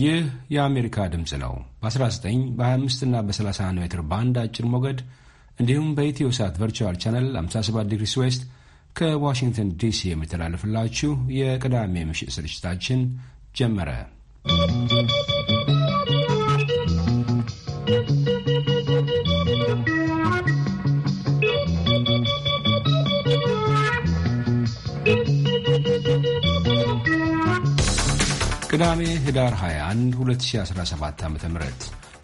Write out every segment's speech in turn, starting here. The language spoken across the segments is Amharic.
ይህ የአሜሪካ ድምፅ ነው። በ19 በ25 እና በ31 ሜትር ባንድ አጭር ሞገድ እንዲሁም በኢትዮ ሳት ቨርቹዋል ቻነል 57 ዲግሪ ስዌስት ከዋሽንግተን ዲሲ የሚተላለፍላችሁ የቅዳሜ ምሽት ስርጭታችን ጀመረ። ቅዳሜ ህዳር 21 2017 ዓ ም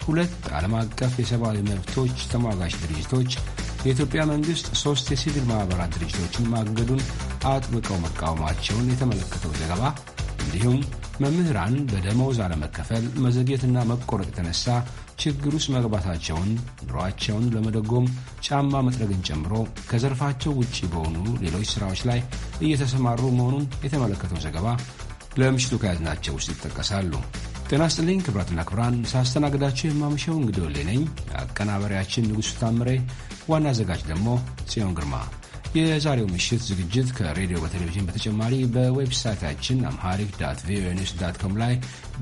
ሁለት ዓለም አቀፍ የሰብአዊ መብቶች ተሟጋች ድርጅቶች የኢትዮጵያ መንግሥት ሦስት የሲቪል ማኅበራት ድርጅቶችን ማገዱን አጥብቀው መቃወማቸውን የተመለከተው ዘገባ እንዲሁም መምህራን በደመወዝ አለመከፈል፣ መዘግየትና መቆረጥ የተነሳ ችግር ውስጥ መግባታቸውን ኑሯቸውን ለመደጎም ጫማ መጥረግን ጨምሮ ከዘርፋቸው ውጭ በሆኑ ሌሎች ሥራዎች ላይ እየተሰማሩ መሆኑን የተመለከተው ዘገባ ለምሽቱ ከያዝናቸው ውስጥ ይጠቀሳሉ። ጤና ስጥልኝ ክብራትና ክብራን፣ ሳስተናግዳችሁ የማምሻው እንግዲህ ወሌ ነኝ። አቀናበሪያችን ንጉሥ ታምሬ፣ ዋና አዘጋጅ ደግሞ ጽዮን ግርማ የዛሬው ምሽት ዝግጅት ከሬዲዮ በቴሌቪዥን በተጨማሪ በዌብሳይታችን አምሃሪክ ዳት ቪኦኤ ኒውስ ዳት ኮም ላይ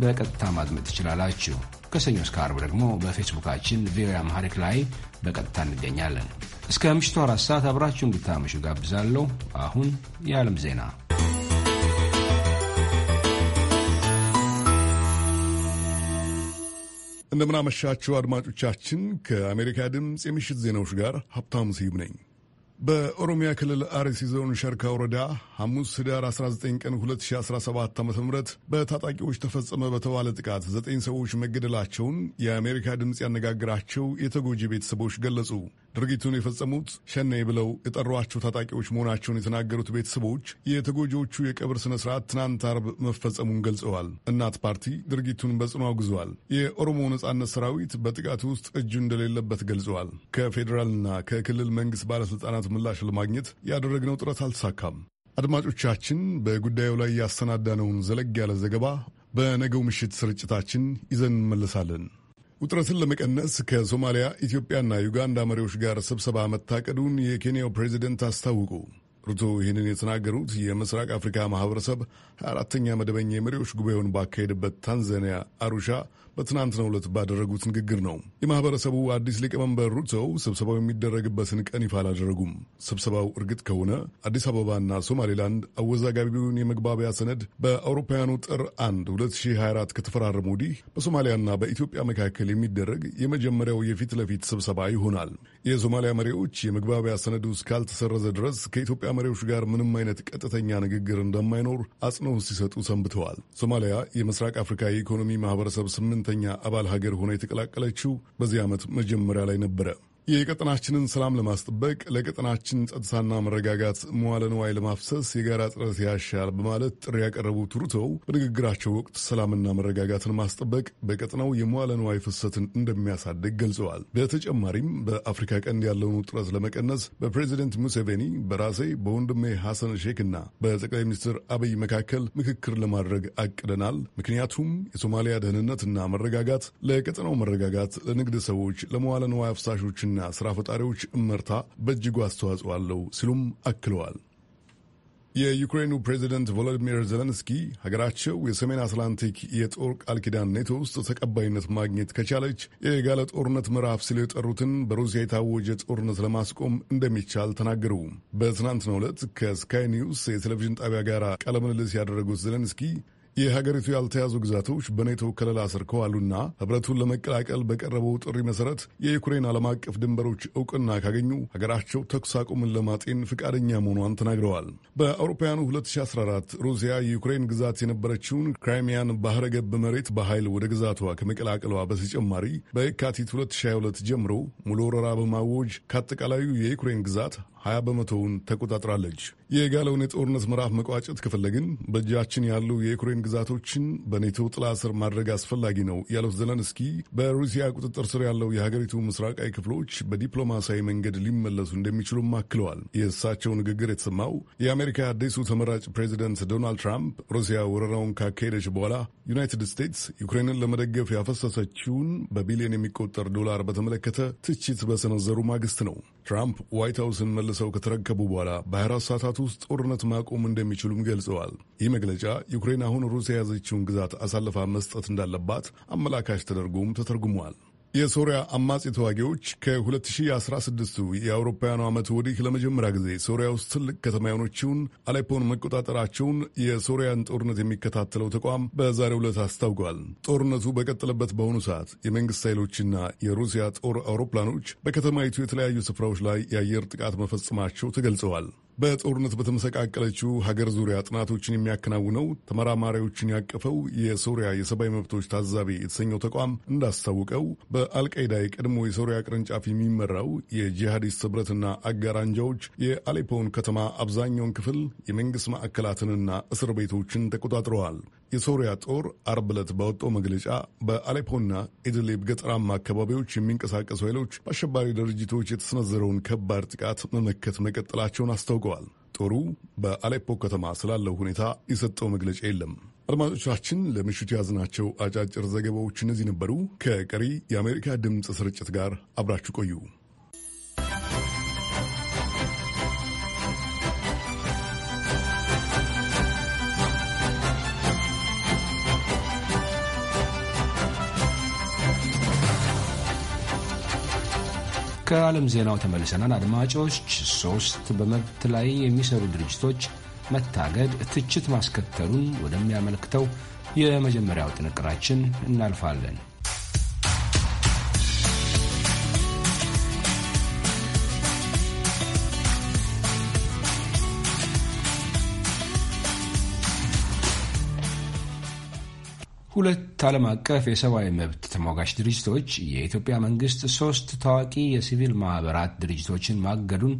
በቀጥታ ማድመጥ ትችላላችሁ። ከሰኞ እስከ አርብ ደግሞ በፌስቡካችን ቪኦኤ አምሃሪክ ላይ በቀጥታ እንገኛለን። እስከ ምሽቱ አራት ሰዓት አብራችሁ እንድታመሹ ጋብዛለሁ። አሁን የዓለም ዜና እንደምናመሻችሁ አድማጮቻችን፣ ከአሜሪካ ድምፅ የምሽት ዜናዎች ጋር ሀብታሙ ስዩም ነኝ። በኦሮሚያ ክልል አርሲ ዞን ሸርካ ወረዳ ሐሙስ ህዳር 19 ቀን 2017 ዓ ም በታጣቂዎች ተፈጸመ በተባለ ጥቃት ዘጠኝ ሰዎች መገደላቸውን የአሜሪካ ድምፅ ያነጋግራቸው የተጎጂ ቤተሰቦች ገለጹ። ድርጊቱን የፈጸሙት ሸኔ ብለው የጠሯቸው ታጣቂዎች መሆናቸውን የተናገሩት ቤተሰቦች የተጎጂዎቹ የቀብር ስነ ስርዓት ትናንት አርብ መፈጸሙን ገልጸዋል። እናት ፓርቲ ድርጊቱን በጽኑ አውግዘዋል። የኦሮሞ ነጻነት ሰራዊት በጥቃቱ ውስጥ እጁ እንደሌለበት ገልጸዋል። ከፌዴራልና ከክልል መንግስት ባለስልጣናት ምላሽ ለማግኘት ያደረግነው ጥረት አልተሳካም። አድማጮቻችን፣ በጉዳዩ ላይ ያሰናዳነውን ዘለግ ያለ ዘገባ በነገው ምሽት ስርጭታችን ይዘን እንመለሳለን። ውጥረትን ለመቀነስ ከሶማሊያ ኢትዮጵያና ዩጋንዳ መሪዎች ጋር ስብሰባ መታቀዱን የኬንያው ፕሬዚደንት አስታውቁ። ሩቶ ይህንን የተናገሩት የምስራቅ አፍሪካ ማህበረሰብ 24ተኛ መደበኛ የመሪዎች ጉባኤውን ባካሄድበት ታንዛኒያ አሩሻ በትናንትናው ዕለት ባደረጉት ንግግር ነው። የማህበረሰቡ አዲስ ሊቀመንበር ሩቶ ስብሰባው የሚደረግበትን ቀን ይፋ አላደረጉም። ስብሰባው እርግጥ ከሆነ አዲስ አበባና ሶማሌላንድ አወዛጋቢውን የመግባቢያ ሰነድ በአውሮፓውያኑ ጥር 1 2024 ከተፈራረሙ ወዲህ በሶማሊያና በኢትዮጵያ መካከል የሚደረግ የመጀመሪያው የፊት ለፊት ስብሰባ ይሆናል። የሶማሊያ መሪዎች የመግባቢያ ሰነዱ እስካልተሰረዘ ድረስ ከኢትዮጵያ መሪዎች ጋር ምንም አይነት ቀጥተኛ ንግግር እንደማይኖር አጽንኦት ሲሰጡ ሰንብተዋል። ሶማሊያ የምስራቅ አፍሪካ የኢኮኖሚ ማህበረሰብ ስምንት ስምንተኛ አባል ሀገር ሆና የተቀላቀለችው በዚህ ዓመት መጀመሪያ ላይ ነበረ። የቀጠናችንን ሰላም ለማስጠበቅ ለቀጠናችን ጸጥታና መረጋጋት መዋለ ንዋይ ለማፍሰስ የጋራ ጥረት ያሻል በማለት ጥሪ ያቀረቡት ሩቶ በንግግራቸው ወቅት ሰላምና መረጋጋትን ማስጠበቅ በቀጠናው የመዋለ ንዋይ ፍሰትን እንደሚያሳድግ ገልጸዋል። በተጨማሪም በአፍሪካ ቀንድ ያለውን ውጥረት ለመቀነስ በፕሬዚደንት ሙሴቬኒ፣ በራሴ በወንድሜ ሐሰን ሼክና በጠቅላይ ሚኒስትር አብይ መካከል ምክክር ለማድረግ አቅደናል። ምክንያቱም የሶማሊያ ደህንነትና መረጋጋት ለቀጠናው መረጋጋት፣ ለንግድ ሰዎች፣ ለመዋለ ንዋይ አፍሳሾችን ፈላጊዎችና ስራ ፈጣሪዎች እመርታ በእጅጉ አስተዋጽኦ አለው ሲሉም አክለዋል። የዩክሬኑ ፕሬዚደንት ቮሎዲሚር ዜሌንስኪ ሀገራቸው የሰሜን አትላንቲክ የጦር ቃል ኪዳን ኔቶ ውስጥ ተቀባይነት ማግኘት ከቻለች የጋለ ጦርነት ምዕራፍ ሲሉ የጠሩትን በሩሲያ የታወጀ ጦርነት ለማስቆም እንደሚቻል ተናገሩ። በትናንትናው ዕለት ከስካይ ኒውስ የቴሌቪዥን ጣቢያ ጋር ቃለ ምልልስ ያደረጉት ዘለንስኪ። የሀገሪቱ ያልተያዙ ግዛቶች በኔቶ ከለላ ስር ከዋሉና ህብረቱን ለመቀላቀል በቀረበው ጥሪ መሰረት የዩክሬን ዓለም አቀፍ ድንበሮች እውቅና ካገኙ ሀገራቸው ተኩስ አቁምን ለማጤን ፍቃደኛ መሆኗን ተናግረዋል። በአውሮፓውያኑ 2014 ሩሲያ የዩክሬን ግዛት የነበረችውን ክራይሚያን ባህረ ገብ መሬት በኃይል ወደ ግዛቷ ከመቀላቀሏ በተጨማሪ በየካቲት 2022 ጀምሮ ሙሉ ወረራ በማወጅ ከአጠቃላዩ የዩክሬን ግዛት 20 በመቶውን ተቆጣጥራለች። የጋለውን የጦርነት ምዕራፍ መቋጨት ከፈለግን በእጃችን ያሉ የዩክሬን ግዛቶችን በኔቶ ጥላ ስር ማድረግ አስፈላጊ ነው ያሉት ዘለንስኪ በሩሲያ ቁጥጥር ስር ያለው የሀገሪቱ ምስራቃዊ ክፍሎች በዲፕሎማሲያዊ መንገድ ሊመለሱ እንደሚችሉም አክለዋል። የእሳቸው ንግግር የተሰማው የአሜሪካ አዲሱ ተመራጭ ፕሬዚደንት ዶናልድ ትራምፕ ሩሲያ ወረራውን ካካሄደች በኋላ ዩናይትድ ስቴትስ ዩክሬንን ለመደገፍ ያፈሰሰችውን በቢሊዮን የሚቆጠር ዶላር በተመለከተ ትችት በሰነዘሩ ማግስት ነው። ትራምፕ ዋይት ሀውስን መለ መልሰው ከተረከቡ በኋላ በ24 ሰዓታት ውስጥ ጦርነት ማቆም እንደሚችሉም ገልጸዋል። ይህ መግለጫ ዩክሬን አሁን ሩሲያ የያዘችውን ግዛት አሳልፋ መስጠት እንዳለባት አመላካች ተደርጎም ተተርጉሟል። የሶሪያ አማጺ ተዋጊዎች ከ2016 የአውሮፓውያኑ ዓመት ወዲህ ለመጀመሪያ ጊዜ ሶሪያ ውስጥ ትልቅ ከተማ የሆነችውን አሌፖን መቆጣጠራቸውን የሶሪያን ጦርነት የሚከታተለው ተቋም በዛሬው ዕለት አስታውቋል። ጦርነቱ በቀጠለበት በአሁኑ ሰዓት የመንግሥት ኃይሎችና የሩሲያ ጦር አውሮፕላኖች በከተማይቱ የተለያዩ ስፍራዎች ላይ የአየር ጥቃት መፈጸማቸው ተገልጸዋል። በጦርነት በተመሰቃቀለችው ሀገር ዙሪያ ጥናቶችን የሚያከናውነው ተመራማሪዎችን ያቀፈው የሶሪያ የሰብአዊ መብቶች ታዛቢ የተሰኘው ተቋም እንዳስታውቀው በአልቃይዳ የቀድሞ የሶሪያ ቅርንጫፍ የሚመራው የጂሃዲስት ህብረትና አጋር አንጃዎች የአሌፖውን ከተማ አብዛኛውን ክፍል የመንግስት ማዕከላትንና እስር ቤቶችን ተቆጣጥረዋል። የሶሪያ ጦር አርብ ዕለት ባወጣው መግለጫ በአሌፖና ኢድሊብ ገጠራማ አካባቢዎች የሚንቀሳቀሱ ኃይሎች በአሸባሪ ድርጅቶች የተሰነዘረውን ከባድ ጥቃት መመከት መቀጠላቸውን አስታውቀዋል። ጦሩ በአሌፖ ከተማ ስላለው ሁኔታ የሰጠው መግለጫ የለም። አድማጮቻችን፣ ለምሽቱ የያዝናቸው አጫጭር ዘገባዎች እነዚህ ነበሩ። ከቀሪ የአሜሪካ ድምፅ ስርጭት ጋር አብራችሁ ቆዩ። ከዓለም ዜናው ተመልሰናል። አድማጮች፣ ሶስት በመብት ላይ የሚሰሩ ድርጅቶች መታገድ ትችት ማስከተሉን ወደሚያመለክተው የመጀመሪያው ጥንቅራችን እናልፋለን። ሁለት ዓለም አቀፍ የሰብአዊ መብት ተሟጋች ድርጅቶች የኢትዮጵያ መንግስት ሶስት ታዋቂ የሲቪል ማኅበራት ድርጅቶችን ማገዱን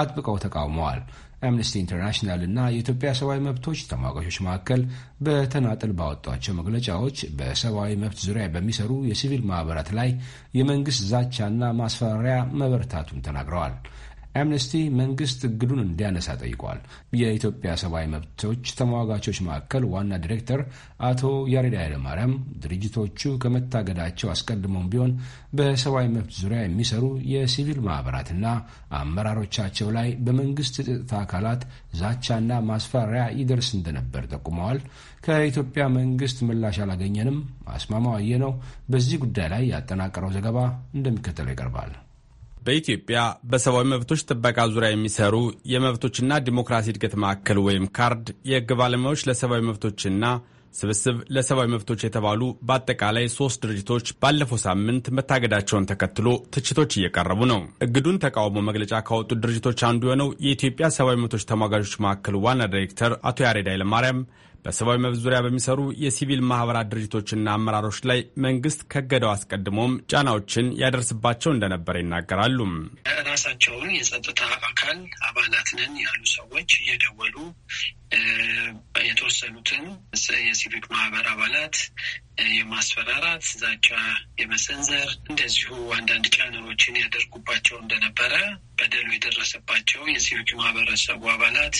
አጥብቀው ተቃውመዋል። አምነስቲ ኢንተርናሽናል እና የኢትዮጵያ ሰብአዊ መብቶች ተሟጋቾች መካከል በተናጠል ባወጧቸው መግለጫዎች በሰብአዊ መብት ዙሪያ በሚሰሩ የሲቪል ማኅበራት ላይ የመንግሥት ዛቻና ማስፈራሪያ መበርታቱን ተናግረዋል። አምነስቲ መንግስት እግዱን እንዲያነሳ ጠይቋል። የኢትዮጵያ ሰብአዊ መብቶች ተሟጋቾች ማዕከል ዋና ዲሬክተር አቶ ያሬድ ኃይለማርያም ድርጅቶቹ ከመታገዳቸው አስቀድሞም ቢሆን በሰብአዊ መብት ዙሪያ የሚሰሩ የሲቪል ማኅበራትና አመራሮቻቸው ላይ በመንግስት የጸጥታ አካላት ዛቻና ማስፈራሪያ ይደርስ እንደነበር ጠቁመዋል። ከኢትዮጵያ መንግስት ምላሽ አላገኘንም። አስማማው አየነው በዚህ ጉዳይ ላይ ያጠናቀረው ዘገባ እንደሚከተለው ይቀርባል። በኢትዮጵያ በሰብአዊ መብቶች ጥበቃ ዙሪያ የሚሰሩ የመብቶችና ዲሞክራሲ እድገት ማዕከል ወይም ካርድ የህግ ባለሙያዎች ለሰብአዊ መብቶችና ስብስብ ለሰብአዊ መብቶች የተባሉ በአጠቃላይ ሶስት ድርጅቶች ባለፈው ሳምንት መታገዳቸውን ተከትሎ ትችቶች እየቀረቡ ነው። እግዱን ተቃውሞ መግለጫ ካወጡ ድርጅቶች አንዱ የሆነው የኢትዮጵያ ሰብአዊ መብቶች ተሟጋቾች ማዕከል ዋና ዳይሬክተር አቶ ያሬድ ኃይለማርያም በሰብአዊ መብት ዙሪያ በሚሰሩ የሲቪል ማኅበራት ድርጅቶችና አመራሮች ላይ መንግስት ከገደው አስቀድሞም ጫናዎችን ያደርስባቸው እንደነበረ ይናገራሉ። ራሳቸውን የጸጥታ አካል አባላት ነን ያሉ ሰዎች እየደወሉ የተወሰኑትን የሲቪክ ማህበር አባላት የማስፈራራት ዛቻ የመሰንዘር እንደዚሁ አንዳንድ ጫነሮችን ያደርጉባቸው እንደነበረ በደሉ የደረሰባቸው የሲቪክ ማህበረሰቡ አባላት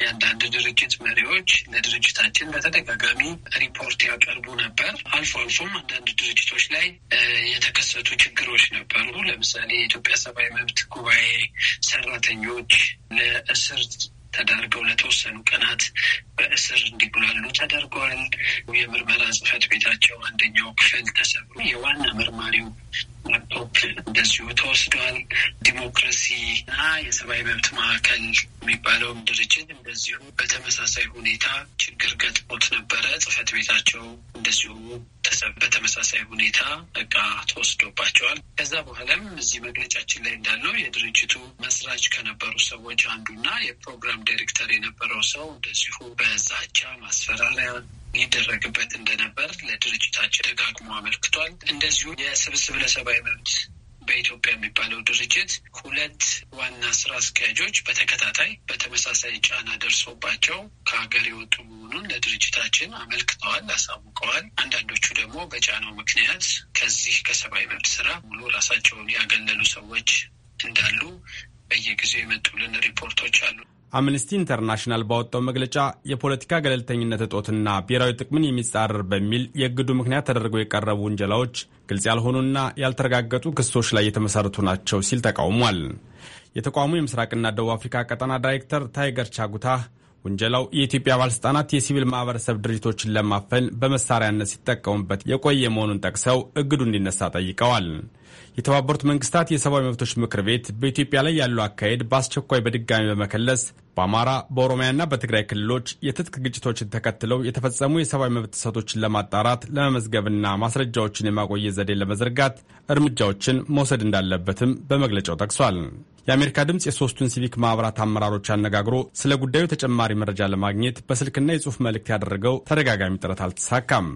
የአንዳንድ ድርጅት መሪዎች ለድርጅታችን በተደጋጋሚ ሪፖርት ያቀርቡ ነበር። አልፎ አልፎም አንዳንድ ድርጅቶች ላይ የተከሰቱ ችግሮች ነበሩ። ለምሳሌ የኢትዮጵያ ሰብአዊ መብት ጉባኤ ሰራተኞች ለእስር ተዳርገው ለተወሰኑ ቀናት በእስር እንዲጉላሉ ተደርገዋል። የምርመራ ጽህፈት ቤታቸው አንደኛው ክፍል ተሰብሮ የዋና መርማሪው ላፕቶፕ እንደዚሁ ተወስደዋል። ዲሞክራሲና የሰብአዊ መብት ማዕከል የሚባለውም ድርጅት እንደዚሁ በተመሳሳይ ሁኔታ ችግር ገጥሞት ነበረ። ጽሕፈት ቤታቸው እንደዚሁ በተመሳሳይ ሁኔታ እቃ ተወስዶባቸዋል። ከዛ በኋላም እዚህ መግለጫችን ላይ እንዳለው የድርጅቱ መስራች ከነበሩ ሰዎች አንዱና የፕሮግራም ፕሮግራም ዳይሬክተር የነበረው ሰው እንደዚሁ በዛቻ ማስፈራሪያ ይደረግበት እንደነበር ለድርጅታችን ደጋግሞ አመልክቷል። እንደዚሁ የስብስብ ለሰብአዊ መብት በኢትዮጵያ የሚባለው ድርጅት ሁለት ዋና ስራ አስኪያጆች በተከታታይ በተመሳሳይ ጫና ደርሶባቸው ከሀገር የወጡ መሆኑን ለድርጅታችን አመልክተዋል፣ አሳውቀዋል። አንዳንዶቹ ደግሞ በጫናው ምክንያት ከዚህ ከሰብአዊ መብት ስራ ሙሉ ራሳቸውን ያገለሉ ሰዎች እንዳሉ በየጊዜው የመጡልን ሪፖርቶች አሉ። አምነስቲ ኢንተርናሽናል ባወጣው መግለጫ የፖለቲካ ገለልተኝነት እጦትና ብሔራዊ ጥቅምን የሚጻረር በሚል የእግዱ ምክንያት ተደርገው የቀረቡ ውንጀላዎች ግልጽ ያልሆኑና ያልተረጋገጡ ክሶች ላይ የተመሰረቱ ናቸው ሲል ተቃውሟል። የተቋሙ የምስራቅና ደቡብ አፍሪካ ቀጠና ዳይሬክተር ታይገር ቻጉታ ውንጀላው የኢትዮጵያ ባለሥልጣናት የሲቪል ማኅበረሰብ ድርጅቶችን ለማፈን በመሳሪያነት ሲጠቀሙበት የቆየ መሆኑን ጠቅሰው እግዱ እንዲነሳ ጠይቀዋል። የተባበሩት መንግስታት የሰብአዊ መብቶች ምክር ቤት በኢትዮጵያ ላይ ያለው አካሄድ በአስቸኳይ በድጋሚ በመከለስ በአማራ በኦሮሚያና በትግራይ ክልሎች የትጥቅ ግጭቶችን ተከትለው የተፈጸሙ የሰብአዊ መብት ጥሰቶችን ለማጣራት ለመመዝገብና ማስረጃዎችን የማቆየት ዘዴን ለመዘርጋት እርምጃዎችን መውሰድ እንዳለበትም በመግለጫው ጠቅሷል። የአሜሪካ ድምፅ የሶስቱን ሲቪክ ማኅበራት አመራሮች አነጋግሮ ስለ ጉዳዩ ተጨማሪ መረጃ ለማግኘት በስልክና የጽሑፍ መልእክት ያደረገው ተደጋጋሚ ጥረት አልተሳካም።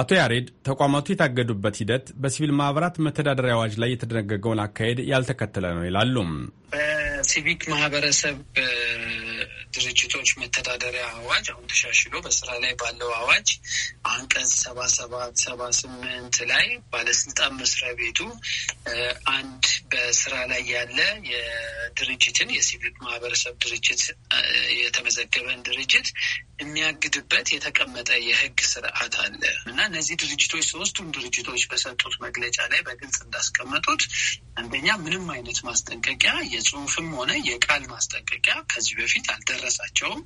አቶ ያሬድ ተቋማቱ የታገዱበት ሂደት በሲቪል ማህበራት መተዳደሪያ አዋጅ ላይ የተደነገገውን አካሄድ ያልተከተለ ነው ይላሉ። በሲቪክ ማህበረሰብ ድርጅቶች መተዳደሪያ አዋጅ አሁን ተሻሽሎ በስራ ላይ ባለው አዋጅ አንቀጽ ሰባ ሰባት ሰባ ስምንት ላይ ባለስልጣን መስሪያ ቤቱ አንድ በስራ ላይ ያለ የድርጅትን የሲቪክ ማህበረሰብ ድርጅት የተመዘገበን ድርጅት የሚያግድበት የተቀመጠ የህግ ስርዓት አለ እና እነዚህ ድርጅቶች ሶስቱም ድርጅቶች በሰጡት መግለጫ ላይ በግልጽ እንዳስቀመጡት አንደኛ ምንም አይነት ማስጠንቀቂያ የጽሁፍም ሆነ የቃል ማስጠንቀቂያ ከዚህ በፊት አልደረ አልደረሳቸውም።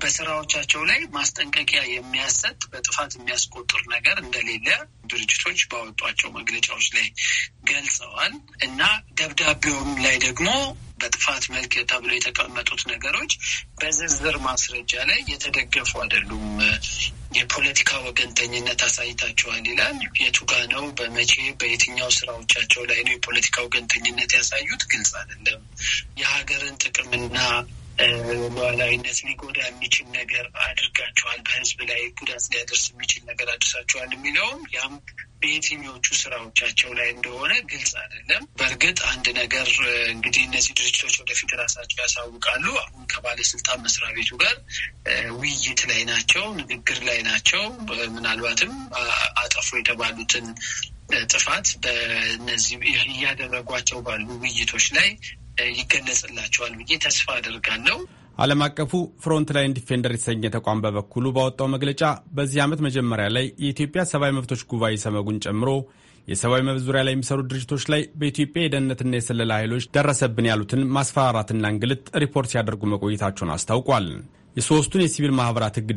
በስራዎቻቸው ላይ ማስጠንቀቂያ የሚያሰጥ በጥፋት የሚያስቆጥር ነገር እንደሌለ ድርጅቶች ባወጧቸው መግለጫዎች ላይ ገልጸዋል እና ደብዳቤውም ላይ ደግሞ በጥፋት መልክ ተብሎ የተቀመጡት ነገሮች በዝርዝር ማስረጃ ላይ የተደገፉ አይደሉም። የፖለቲካ ወገንተኝነት አሳይታቸዋል ይላል። የቱጋ ነው? በመቼ በየትኛው ስራዎቻቸው ላይ ነው የፖለቲካ ወገንተኝነት ያሳዩት? ግልጽ አይደለም። የሀገርን ጥቅምና ሉዓላዊነት ሊጎዳ የሚችል ነገር አድርጋችኋል፣ በህዝብ ላይ ጉዳት ሊያደርስ የሚችል ነገር አድርሳችኋል የሚለውም ያም በየትኞቹ ስራዎቻቸው ላይ እንደሆነ ግልጽ አይደለም። በእርግጥ አንድ ነገር እንግዲህ እነዚህ ድርጅቶች ወደፊት ራሳቸው ያሳውቃሉ። አሁን ከባለስልጣን መስሪያ ቤቱ ጋር ውይይት ላይ ናቸው፣ ንግግር ላይ ናቸው። ምናልባትም አጠፉ የተባሉትን ጥፋት በእነዚህ እያደረጓቸው ባሉ ውይይቶች ላይ ይገለጽላቸዋል ብዬ ተስፋ አደርጋለሁ። ዓለም አቀፉ ፍሮንት ላይን ዲፌንደር የተሰኘ ተቋም በበኩሉ ባወጣው መግለጫ በዚህ ዓመት መጀመሪያ ላይ የኢትዮጵያ ሰብአዊ መብቶች ጉባኤ ሰመጉን ጨምሮ የሰብአዊ መብት ዙሪያ ላይ የሚሰሩ ድርጅቶች ላይ በኢትዮጵያ የደህንነትና የስለላ ኃይሎች ደረሰብን ያሉትን ማስፈራራትና እንግልት ሪፖርት ሲያደርጉ መቆየታቸውን አስታውቋል። የሶስቱን የሲቪል ማህበራት ህግ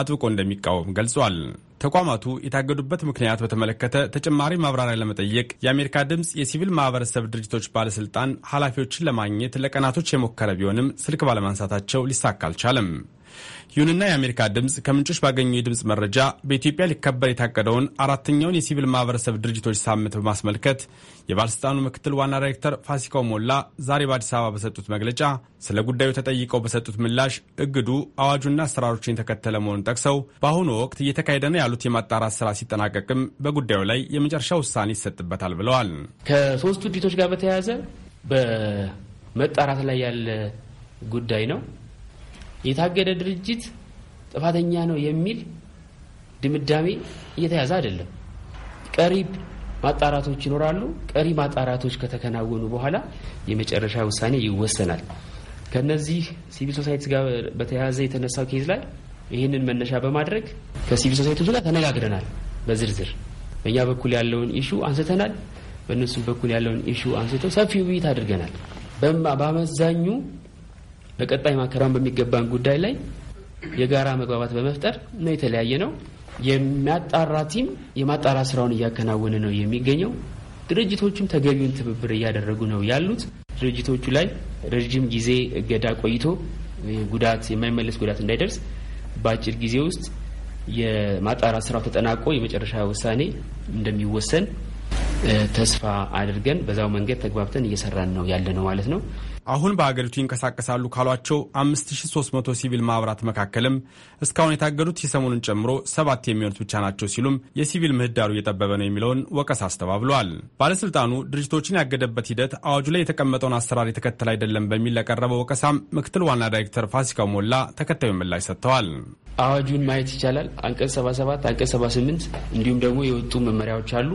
አጥብቆ እንደሚቃወም ገልጿል። ተቋማቱ የታገዱበት ምክንያት በተመለከተ ተጨማሪ ማብራሪያ ለመጠየቅ የአሜሪካ ድምፅ የሲቪል ማህበረሰብ ድርጅቶች ባለስልጣን ኃላፊዎችን ለማግኘት ለቀናቶች የሞከረ ቢሆንም ስልክ ባለማንሳታቸው ሊሳካ አልቻለም። ይሁንና የአሜሪካ ድምፅ ከምንጮች ባገኘው የድምፅ መረጃ በኢትዮጵያ ሊከበር የታቀደውን አራተኛውን የሲቪል ማህበረሰብ ድርጅቶች ሳምንት በማስመልከት የባለሥልጣኑ ምክትል ዋና ዳይሬክተር ፋሲካው ሞላ ዛሬ በአዲስ አበባ በሰጡት መግለጫ ስለ ጉዳዩ ተጠይቀው በሰጡት ምላሽ እግዱ አዋጁና አሰራሮችን የተከተለ መሆኑን ጠቅሰው በአሁኑ ወቅት እየተካሄደ ነው ያሉት የማጣራት ስራ ሲጠናቀቅም በጉዳዩ ላይ የመጨረሻ ውሳኔ ይሰጥበታል ብለዋል። ከሶስቱ ድርጅቶች ጋር በተያያዘ በመጣራት ላይ ያለ ጉዳይ ነው። የታገደ ድርጅት ጥፋተኛ ነው የሚል ድምዳሜ እየተያዘ አይደለም። ቀሪ ማጣራቶች ይኖራሉ። ቀሪ ማጣራቶች ከተከናወኑ በኋላ የመጨረሻ ውሳኔ ይወሰናል። ከነዚህ ሲቪል ሶሳይቲ ጋር በተያያዘ የተነሳው ኬዝ ላይ ይህንን መነሻ በማድረግ ከሲቪል ሶሳይቲ ጋር ተነጋግረናል። በዝርዝር በእኛ በኩል ያለውን ኢሹ አንስተናል። በእነሱም በኩል ያለውን ኢሹ አንስተው ሰፊ ውይይት አድርገናል። በአመዛኙ በቀጣይ ማከራውን በሚገባን ጉዳይ ላይ የጋራ መግባባት በመፍጠር ነው የተለያየ ነው። የሚያጣራ ቲም የማጣራ ስራውን እያከናወነ ነው የሚገኘው። ድርጅቶቹም ተገቢውን ትብብር እያደረጉ ነው ያሉት። ድርጅቶቹ ላይ ረዥም ጊዜ እገዳ ቆይቶ ጉዳት የማይመለስ ጉዳት እንዳይደርስ በአጭር ጊዜ ውስጥ የማጣራ ስራው ተጠናቆ የመጨረሻ ውሳኔ እንደሚወሰን ተስፋ አድርገን በዛው መንገድ ተግባብተን እየሰራን ነው ያለ ነው ማለት ነው። አሁን በሀገሪቱ ይንቀሳቀሳሉ ካሏቸው 5300 ሲቪል ማህበራት መካከልም እስካሁን የታገዱት የሰሞኑን ጨምሮ ሰባት የሚሆኑት ብቻ ናቸው ሲሉም የሲቪል ምህዳሩ እየጠበበ ነው የሚለውን ወቀስ አስተባብለዋል። ባለሥልጣኑ ድርጅቶችን ያገደበት ሂደት አዋጁ ላይ የተቀመጠውን አሰራር የተከተለ አይደለም በሚል ለቀረበው ወቀሳም ምክትል ዋና ዳይሬክተር ፋሲካው ሞላ ተከታዩ ምላሽ ሰጥተዋል። አዋጁን ማየት ይቻላል። አንቀጽ 77 አንቀጽ 78 እንዲሁም ደግሞ የወጡ መመሪያዎች አሉ።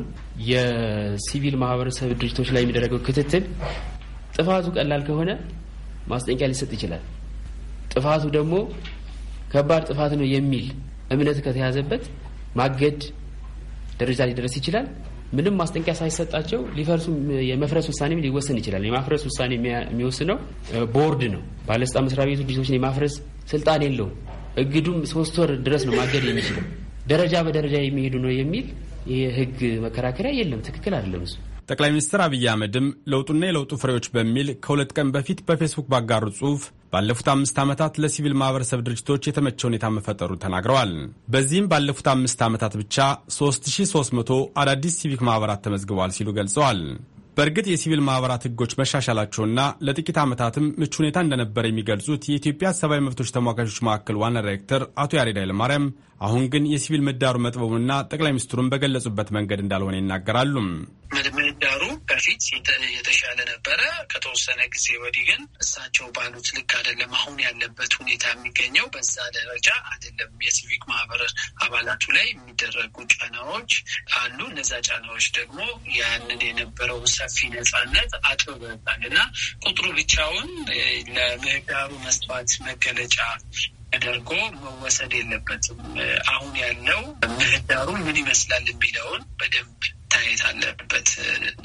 የሲቪል ማህበረሰብ ድርጅቶች ላይ የሚደረገው ክትትል ጥፋቱ ቀላል ከሆነ ማስጠንቂያ ሊሰጥ ይችላል። ጥፋቱ ደግሞ ከባድ ጥፋት ነው የሚል እምነት ከተያዘበት ማገድ ደረጃ ሊደረስ ይችላል። ምንም ማስጠንቂያ ሳይሰጣቸው ሊፈርሱ የመፍረስ ውሳኔም ሊወሰን ይችላል። የማፍረስ ውሳኔ የሚወስነው ቦርድ ነው። ባለስልጣን መስሪያ ቤቱ ድርጅቶችን የማፍረስ ስልጣን የለውም። እግዱም ሶስት ወር ድረስ ነው ማገድ የሚችለው። ደረጃ በደረጃ የሚሄዱ ነው የሚል የህግ መከራከሪያ የለም። ትክክል አይደለም እሱ ጠቅላይ ሚኒስትር አብይ አህመድም ለውጡና የለውጡ ፍሬዎች በሚል ከሁለት ቀን በፊት በፌስቡክ ባጋሩ ጽሑፍ ባለፉት አምስት ዓመታት ለሲቪል ማህበረሰብ ድርጅቶች የተመቸ ሁኔታ መፈጠሩ ተናግረዋል። በዚህም ባለፉት አምስት ዓመታት ብቻ 3300 አዳዲስ ሲቪክ ማኅበራት ተመዝግበዋል ሲሉ ገልጸዋል። በእርግጥ የሲቪል ማኅበራት ህጎች መሻሻላቸውና ለጥቂት ዓመታትም ምቹ ሁኔታ እንደነበረ የሚገልጹት የኢትዮጵያ ሰብአዊ መብቶች ተሟጋቾች መካከል ዋና ዳይሬክተር አቶ ያሬድ ኃይለማርያም አሁን ግን የሲቪል ምህዳሩ መጥበቡንና ጠቅላይ ሚኒስትሩን በገለጹበት መንገድ እንዳልሆነ ይናገራሉ። ምህዳሩ በፊት የተሻለ ነበረ። ከተወሰነ ጊዜ ወዲህ ግን እሳቸው ባሉት ልክ አይደለም። አሁን ያለበት ሁኔታ የሚገኘው በዛ ደረጃ አይደለም። የሲቪክ ማህበር አባላቱ ላይ የሚደረጉ ጫናዎች አሉ። እነዛ ጫናዎች ደግሞ ያንን የነበረው ሰፊ ነጻነት አጥበበታል እና ቁጥሩ ብቻውን ለምህዳሩ መስፋት መገለጫ ተደርጎ መወሰድ የለበትም። አሁን ያለው ምህዳሩ ምን ይመስላል የሚለውን በደንብ ታየት አለበት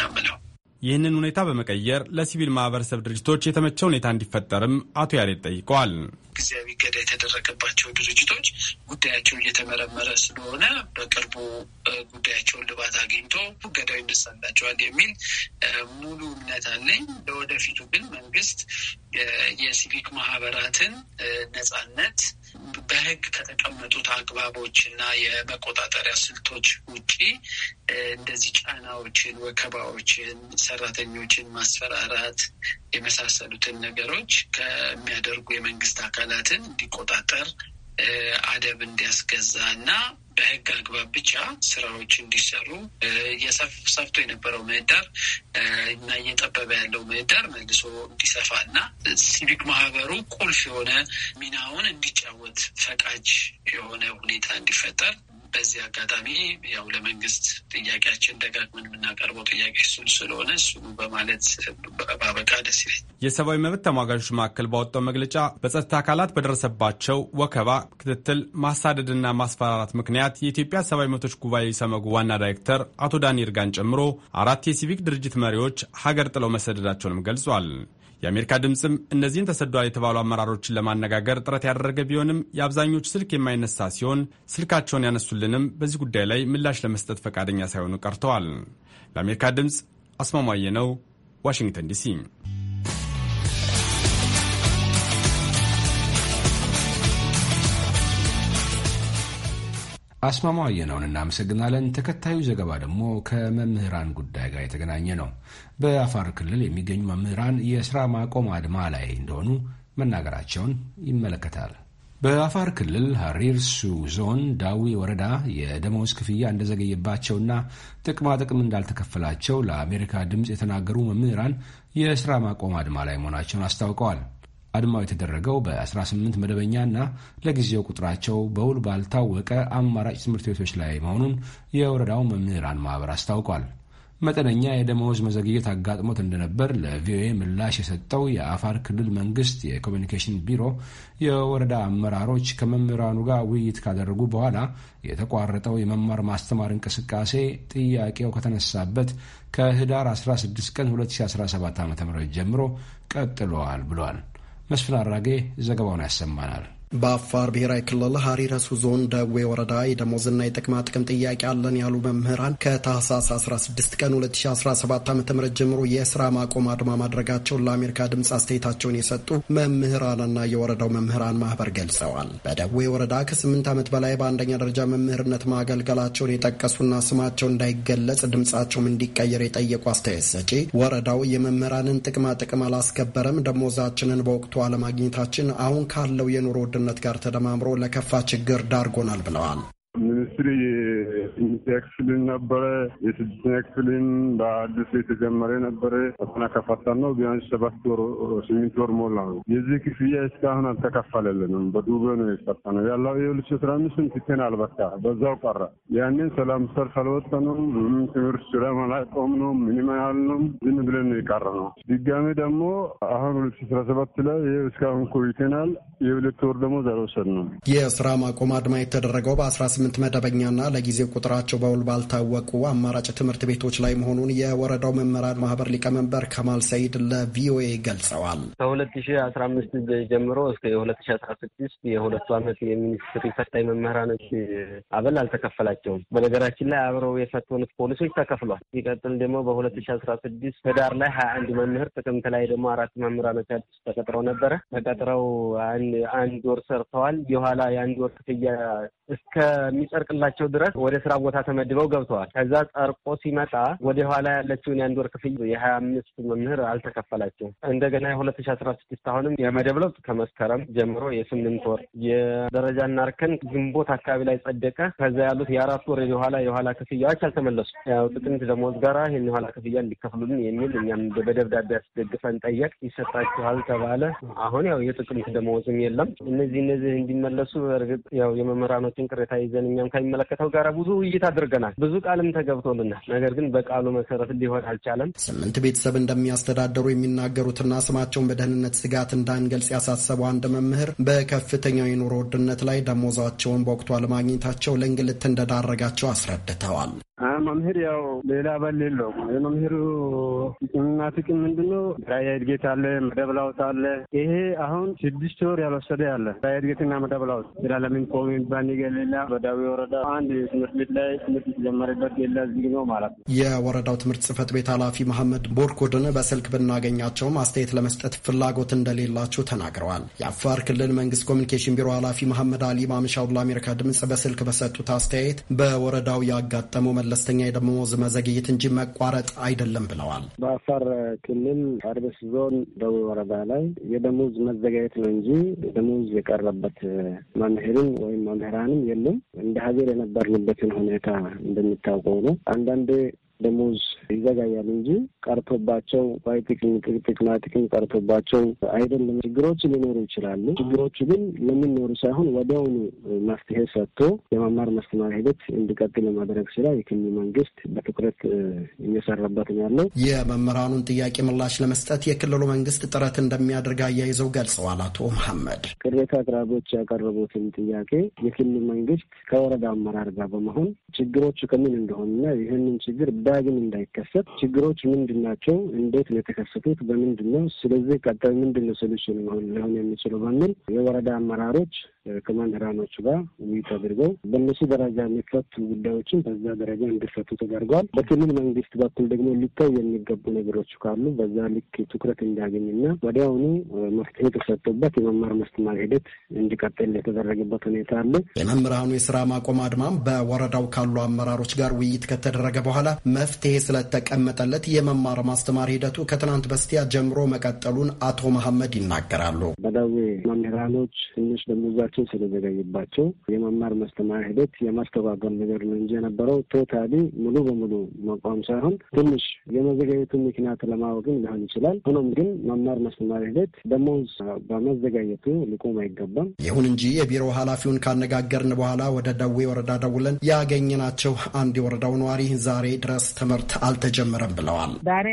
ነው ምለው። ይህንን ሁኔታ በመቀየር ለሲቪል ማህበረሰብ ድርጅቶች የተመቸ ሁኔታ እንዲፈጠርም አቶ ያሬድ ጠይቀዋል። ጊዜያዊ እገዳ የተደረገባቸው ድርጅቶች ጉዳያቸው እየተመረመረ ስለሆነ በቅርቡ ጉዳያቸውን ልባት አግኝቶ እገዳው ይነሳላቸዋል የሚል ሙሉ እምነት አለኝ። ለወደፊቱ ግን መንግስት የሲቪክ ማህበራትን ነጻነት በህግ ከተቀመጡት አግባቦች እና የመቆጣጠሪያ ስልቶች ውጪ እንደዚህ ጫናዎችን፣ ወከባዎችን፣ ሰራተኞችን ማስፈራራት የመሳሰሉትን ነገሮች ከሚያደርጉ የመንግስት አካል አካላትን እንዲቆጣጠር አደብ እንዲያስገዛ እና በህግ አግባብ ብቻ ስራዎች እንዲሰሩ ሰፍቶ የነበረው ምህዳር እና እየጠበበ ያለው ምህዳር መልሶ እንዲሰፋ እና ሲቪክ ማህበሩ ቁልፍ የሆነ ሚናውን እንዲጫወት ፈቃጅ የሆነ ሁኔታ እንዲፈጠር በዚህ አጋጣሚ ያው ለመንግስት ጥያቄያችን ደጋግመን የምናቀርበው ጥያቄ እሱን ስለሆነ እሱ በማለት ባበቃ ደስ ይለኝ። የሰብአዊ መብት ተሟጋቾች መካከል ባወጣው መግለጫ በጸጥታ አካላት በደረሰባቸው ወከባ፣ ክትትል፣ ማሳደድና ማስፈራራት ምክንያት የኢትዮጵያ ሰብአዊ መብቶች ጉባኤ ሰመጉ ዋና ዳይሬክተር አቶ ዳንኤል ጋን ጨምሮ አራት የሲቪክ ድርጅት መሪዎች ሀገር ጥለው መሰደዳቸውንም ገልጿል። የአሜሪካ ድምፅም እነዚህን ተሰዷል የተባሉ አመራሮችን ለማነጋገር ጥረት ያደረገ ቢሆንም የአብዛኞቹ ስልክ የማይነሳ ሲሆን ስልካቸውን ያነሱልንም በዚህ ጉዳይ ላይ ምላሽ ለመስጠት ፈቃደኛ ሳይሆኑ ቀርተዋል። ለአሜሪካ ድምፅ አስማማየ ነው፣ ዋሽንግተን ዲሲ አስማማው አየነውን እናመሰግናለን። ተከታዩ ዘገባ ደግሞ ከመምህራን ጉዳይ ጋር የተገናኘ ነው። በአፋር ክልል የሚገኙ መምህራን የስራ ማቆም አድማ ላይ እንደሆኑ መናገራቸውን ይመለከታል። በአፋር ክልል ሀሪርሱ ዞን ዳዊ ወረዳ የደመወዝ ክፍያ እንደዘገየባቸውና ጥቅማ ጥቅም እንዳልተከፈላቸው ለአሜሪካ ድምፅ የተናገሩ መምህራን የስራ ማቆም አድማ ላይ መሆናቸውን አስታውቀዋል። አድማው የተደረገው በ18 መደበኛና ለጊዜው ቁጥራቸው በውል ባልታወቀ አማራጭ ትምህርት ቤቶች ላይ መሆኑን የወረዳው መምህራን ማህበር አስታውቋል። መጠነኛ የደመወዝ መዘግየት አጋጥሞት እንደነበር ለቪኦኤ ምላሽ የሰጠው የአፋር ክልል መንግስት የኮሚኒኬሽን ቢሮ የወረዳ አመራሮች ከመምህራኑ ጋር ውይይት ካደረጉ በኋላ የተቋረጠው የመማር ማስተማር እንቅስቃሴ ጥያቄው ከተነሳበት ከህዳር 16 ቀን 2017 ዓ ም ጀምሮ ቀጥሏል ብሏል። መስፍን አራጌ ዘገባውን ያሰማናል። በአፋር ብሔራዊ ክልል ሀሪረሱ ዞን ደዌ ወረዳ የደሞዝና የጥቅማ ጥቅም ጥያቄ አለን ያሉ መምህራን ከታህሳስ 16 ቀን 2017 ዓ ም ጀምሮ የስራ ማቆም አድማ ማድረጋቸውን ለአሜሪካ ድምፅ አስተያየታቸውን የሰጡ መምህራንና የወረዳው መምህራን ማህበር ገልጸዋል። በደዌ ወረዳ ከ8 ዓመት በላይ በአንደኛ ደረጃ መምህርነት ማገልገላቸውን የጠቀሱና ስማቸው እንዳይገለጽ ድምፃቸውም እንዲቀየር የጠየቁ አስተያየት ሰጪ ወረዳው የመምህራንን ጥቅማ ጥቅም አላስከበረም፣ ደሞዛችንን በወቅቱ አለማግኘታችን አሁን ካለው የኑሮ ውድነት ጋር ተደማምሮ ለከፋ ችግር ዳርጎናል ብለዋል። ሚኒስትሪ የስምንተኛ ክፍልን ነበረ፣ የስድስተኛ ክፍልን በአዲስ የተጀመረ ነበረ። ፈተና ከፈታን ነው ቢያንስ ሰባት ወር ስምንት ወር ሞላ ነው። የዚህ ክፍያ እስካሁን አልተከፈለልንም። በዱቤ ነው የፈታነው ያለው የሁለት ሺህ አስራ አምስትን ትተናል። በቃ በዛው ቀረ። ያንን ሰላም ሰልፍ አልወጠኑም። ምንም ትምህርት ስራ አላቆም ነው ምንም አልንም። ዝም ብለን ነው የቀረ ነው። ድጋሚ ደግሞ አሁን ሁለት ሺህ አስራ ሰባት ላይ ይህ እስካሁን ኮቪቴናል። የሁለት ወር ደግሞ ዘረውሰድ ነው። የስራ ማቆም አድማ የተደረገው በአስራ ስምንት መደ መደበኛና ለጊዜው ቁጥራቸው በውል ባልታወቁ አማራጭ ትምህርት ቤቶች ላይ መሆኑን የወረዳው መምህራን ማህበር ሊቀመንበር ከማል ሰይድ ለቪኦኤ ገልጸዋል። ከሁለት ሺ አስራ አምስት ጀምሮ እስከ የሁለት ሺ አስራ ስድስት የሁለቱ ዓመት የሚኒስትር የፈታኝ መምህራኖች አበል አልተከፈላቸውም። በነገራችን ላይ አብረው የፈተኑት ፖሊሶች ተከፍሏል። ሲቀጥል ደግሞ በሁለት ሺ አስራ ስድስት ህዳር ላይ ሀያ አንድ መምህር ጥቅምት ላይ ደግሞ አራት መምህራኖች አዲስ ተቀጥረው ነበረ። ተቀጥረው አንድ ወር ሰርተዋል። የኋላ የአንድ ወር ክፍያ እስከሚጸ እስኪጸድቅላቸው ድረስ ወደ ስራ ቦታ ተመድበው ገብተዋል። ከዛ ጸርቆ ሲመጣ ወደኋላ ያለችውን የአንድ ወር ክፍያ የሀያ አምስት መምህር አልተከፈላቸውም። እንደገና የሁለት ሺ አስራ ስድስት አሁንም የመደብ ለውጥ ከመስከረም ጀምሮ የስምንት ወር የደረጃ እናርከን ግንቦት አካባቢ ላይ ጸደቀ። ከዛ ያሉት የአራት ወር የኋላ የኋላ ክፍያዎች አልተመለሱ። ያው ጥቅምት ደሞዝ ጋራ ይህን የኋላ ክፍያ እንዲከፍሉልን የሚል እኛም በደብዳቤ አስደግፈን ጠየቅ ይሰጣችኋል ተባለ። አሁን ያው የጥቅምት ደሞዝም የለም። እነዚህ እነዚህ እንዲመለሱ እርግጥ ያው የመምህራኖችን ቅሬታ ይዘን እኛም እኛም ከሚመለከተው ጋር ብዙ ውይይት አድርገናል። ብዙ ቃልም ተገብቶልናል። ነገር ግን በቃሉ መሰረት ሊሆን አልቻለም። ስምንት ቤተሰብ እንደሚያስተዳደሩ የሚናገሩትና ስማቸውን በደህንነት ስጋት እንዳንገልጽ ያሳሰቡ አንድ መምህር በከፍተኛው የኑሮ ውድነት ላይ ደሞዛቸውን በወቅቱ አለማግኘታቸው ለእንግልት እንደዳረጋቸው አስረድተዋል። መምህር ያው ሌላ በል የለውም። የመምህሩ ጥቅምና ጥቅም ምንድነው? ራያ እድገት አለ፣ መደብ ለውጥ አለ። ይሄ አሁን ስድስት ወር ያልወሰደ ያለ ራያ እድገትና መደብ ለውጥ ለምን ቆም የሚባል ነገር ሌላ በዳዊ ወረዳ አንድ ትምህርት ቤት ላይ ትምህርት የተጀመረበት ሌላ ዝግ ነው ማለት ነው። የወረዳው ትምህርት ጽህፈት ቤት ኃላፊ መሐመድ ቦርኮድን በስልክ ብናገኛቸውም አስተያየት ለመስጠት ፍላጎት እንደሌላቸው ተናግረዋል። የአፋር ክልል መንግስት ኮሚኒኬሽን ቢሮ ኃላፊ መሐመድ አሊ ማምሻውን ለአሜሪካ ድምጽ በስልክ በሰጡት አስተያየት በወረዳው ያጋጠመው መለስተኛ የደሞዝ መዘግየት እንጂ መቋረጥ አይደለም ብለዋል። በአፋር ክልል ሐርቤስ ዞን ደቡብ ወረዳ ላይ የደሞዝ መዘጋየት ነው እንጂ ደሞዝ የቀረበት መምህርም ወይም መምህራንም የለም። እንደ ሀገር የነበርንበትን ሁኔታ እንደሚታወቀው ነው አንዳንድ ደሞዝ ይዘጋያል እንጂ ቀርቶባቸው ወይ ጥቅማ ጥቅም ቀርቶባቸው አይደለም። ችግሮች ሊኖሩ ይችላሉ። ችግሮቹ ግን ለሚኖሩ ሳይሆን ወዲያውኑ መፍትሄ ሰጥቶ የመማር ማስተማር ሂደት እንዲቀጥል ለማድረግ ስራ የክልል መንግስት በትኩረት እየሰራበት ነው ያለው። የመምህራኑን ጥያቄ ምላሽ ለመስጠት የክልሉ መንግስት ጥረት እንደሚያደርግ አያይዘው ገልጸዋል። አቶ መሐመድ ቅሬታ አቅራቢዎች ያቀረቡትን ጥያቄ የክልሉ መንግስት ከወረዳ አመራር ጋር በመሆን ችግሮቹ ከምን እንደሆኑና ይህንን ችግር ዳግም እንዳይከሰት ችግሮች ምንድን ናቸው፣ እንዴት ነው የተከሰቱት፣ በምንድን ነው፣ ስለዚህ ቀጣይ ምንድን ነው ሶሉሽን ሊሆን የሚችለው በሚል የወረዳ አመራሮች ከመምህራኖቹ ጋር ውይይት አድርገው በእነሱ ደረጃ የሚፈቱ ጉዳዮችን በዛ ደረጃ እንዲፈቱ ተደርገዋል። በክልል መንግስት በኩል ደግሞ ሊታይ የሚገቡ ነገሮች ካሉ በዛ ልክ ትኩረት እንዲያገኝና ወዲያውኑ መፍትሄ ተሰጥቶበት የመማር ማስተማር ሂደት እንዲቀጥል የተደረገበት ሁኔታ አለ። የመምህራኑ የስራ ማቆም አድማም በወረዳው ካሉ አመራሮች ጋር ውይይት ከተደረገ በኋላ መፍትሄ ስለተቀመጠለት የመማር ማስተማር ሂደቱ ከትናንት በስቲያ ጀምሮ መቀጠሉን አቶ መሐመድ ይናገራሉ። በዳዌ መምህራኖች ትንሽ ደሞዛቸው ችግሮችን ስለዘገይባቸው የመማር ማስተማር ሂደት የማስተጓጎል ነገር ነው እንጂ የነበረው ቶታሊ ሙሉ በሙሉ መቋም ሳይሆን ትንሽ የመዘጋጀቱ ምክንያት ለማወቅም ሊሆን ይችላል። ሆኖም ግን መማር ማስተማር ሂደት ደሞዝ በመዘጋጀቱ ሊቆም አይገባም። ይሁን እንጂ የቢሮ ኃላፊውን ካነጋገርን በኋላ ወደ ደዌ ወረዳ ደውለን ያገኘናቸው አንድ የወረዳው ነዋሪ ዛሬ ድረስ ትምህርት አልተጀመረም ብለዋል። ዛሬ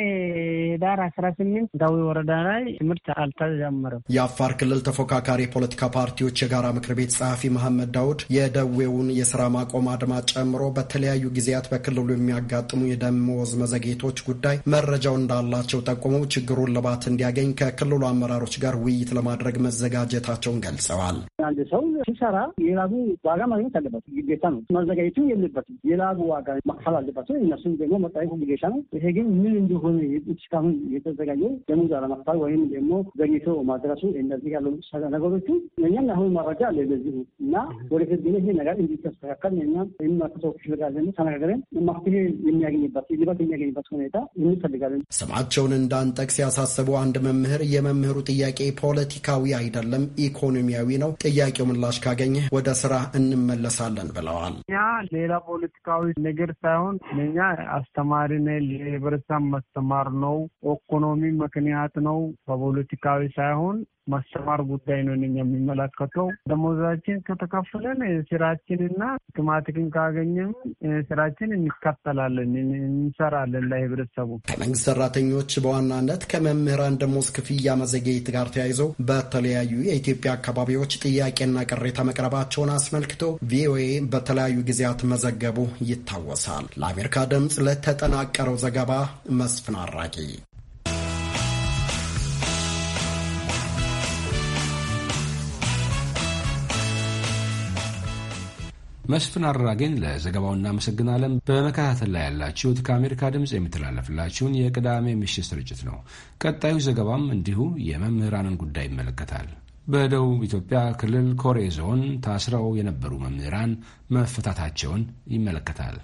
ዳር አስራ ስምንት ደዌ ወረዳ ላይ ትምህርት አልተጀመረም። የአፋር ክልል ተፎካካሪ የፖለቲካ ፓርቲዎች የጋራ ምክር ቤት ጸሐፊ መሐመድ ዳውድ የደዌውን የስራ ማቆም አድማ ጨምሮ በተለያዩ ጊዜያት በክልሉ የሚያጋጥሙ የደመወዝ መዘግየቶች ጉዳይ መረጃው እንዳላቸው ጠቁመው ችግሩን ልባት እንዲያገኝ ከክልሉ አመራሮች ጋር ውይይት ለማድረግ መዘጋጀታቸውን ገልጸዋል። አንድ ሰው ሲሰራ የላቡ ዋጋ ማግኘት አለበት፣ ግዴታ ነው። መዘጋጀቱ የለበትም፣ የላቡ ዋጋ ማክፈል አለበት። እነሱም ደግሞ መጠየቁ ግዴታ ነው። ይሄ ግን ምን እንደሆነ እስካሁን የተዘጋጀው ደሞዝ አለማክፈል ወይም ደግሞ ዘግይቶ ማድረሱ እነዚህ ያሉ ነገሮቹ እኛም አሁን መረጃ አለ ለዚህ እና ወደፊት ግን ይሄ ነገር እንዲተስተካከል እኛም የሚመለከተው ጋር ደግሞ ተነጋግረን መፍትሄ የሚያገኝበት ሊበት የሚያገኝበት ሁኔታ እንፈልጋለን። ስማቸውን እንዳንጠቅስ ያሳሰቡ አንድ መምህር የመምህሩ ጥያቄ ፖለቲካዊ አይደለም፣ ኢኮኖሚያዊ ነው። ጥያቄው ምላሽ ካገኘ ወደ ስራ እንመለሳለን ብለዋል። እኛ ሌላ ፖለቲካዊ ነገር ሳይሆን እኛ አስተማሪ ነ ለህብረተሰብ ማስተማር ነው። ኢኮኖሚ ምክንያት ነው። በፖለቲካዊ ሳይሆን ማስተማር ጉዳይ ነው የሚመለከተው። ደሞዛችን ከተከፈለን ስራችንና ጥቅማጥቅም ካገኘም ስራችን እንከተላለን፣ እንሰራለን ለህብረተሰቡ። ከመንግስት ሰራተኞች በዋናነት ከመምህራን ደሞዝ ክፍያ መዘግየት ጋር ተያይዘው በተለያዩ የኢትዮጵያ አካባቢዎች ጥያቄና ቅሬታ መቅረባቸውን አስመልክቶ ቪኦኤ በተለያዩ ጊዜያት መዘገቡ ይታወሳል። ለአሜሪካ ድምፅ ለተጠናቀረው ዘገባ መስፍን አራቂ መስፍን አራጌን ለዘገባው እናመሰግናለን። በመከታተል ላይ ያላችሁት ከአሜሪካ ድምፅ የሚተላለፍላችሁን የቅዳሜ ምሽት ስርጭት ነው። ቀጣዩ ዘገባም እንዲሁ የመምህራንን ጉዳይ ይመለከታል። በደቡብ ኢትዮጵያ ክልል ኮሬ ዞን ታስረው የነበሩ መምህራን መፈታታቸውን ይመለከታል።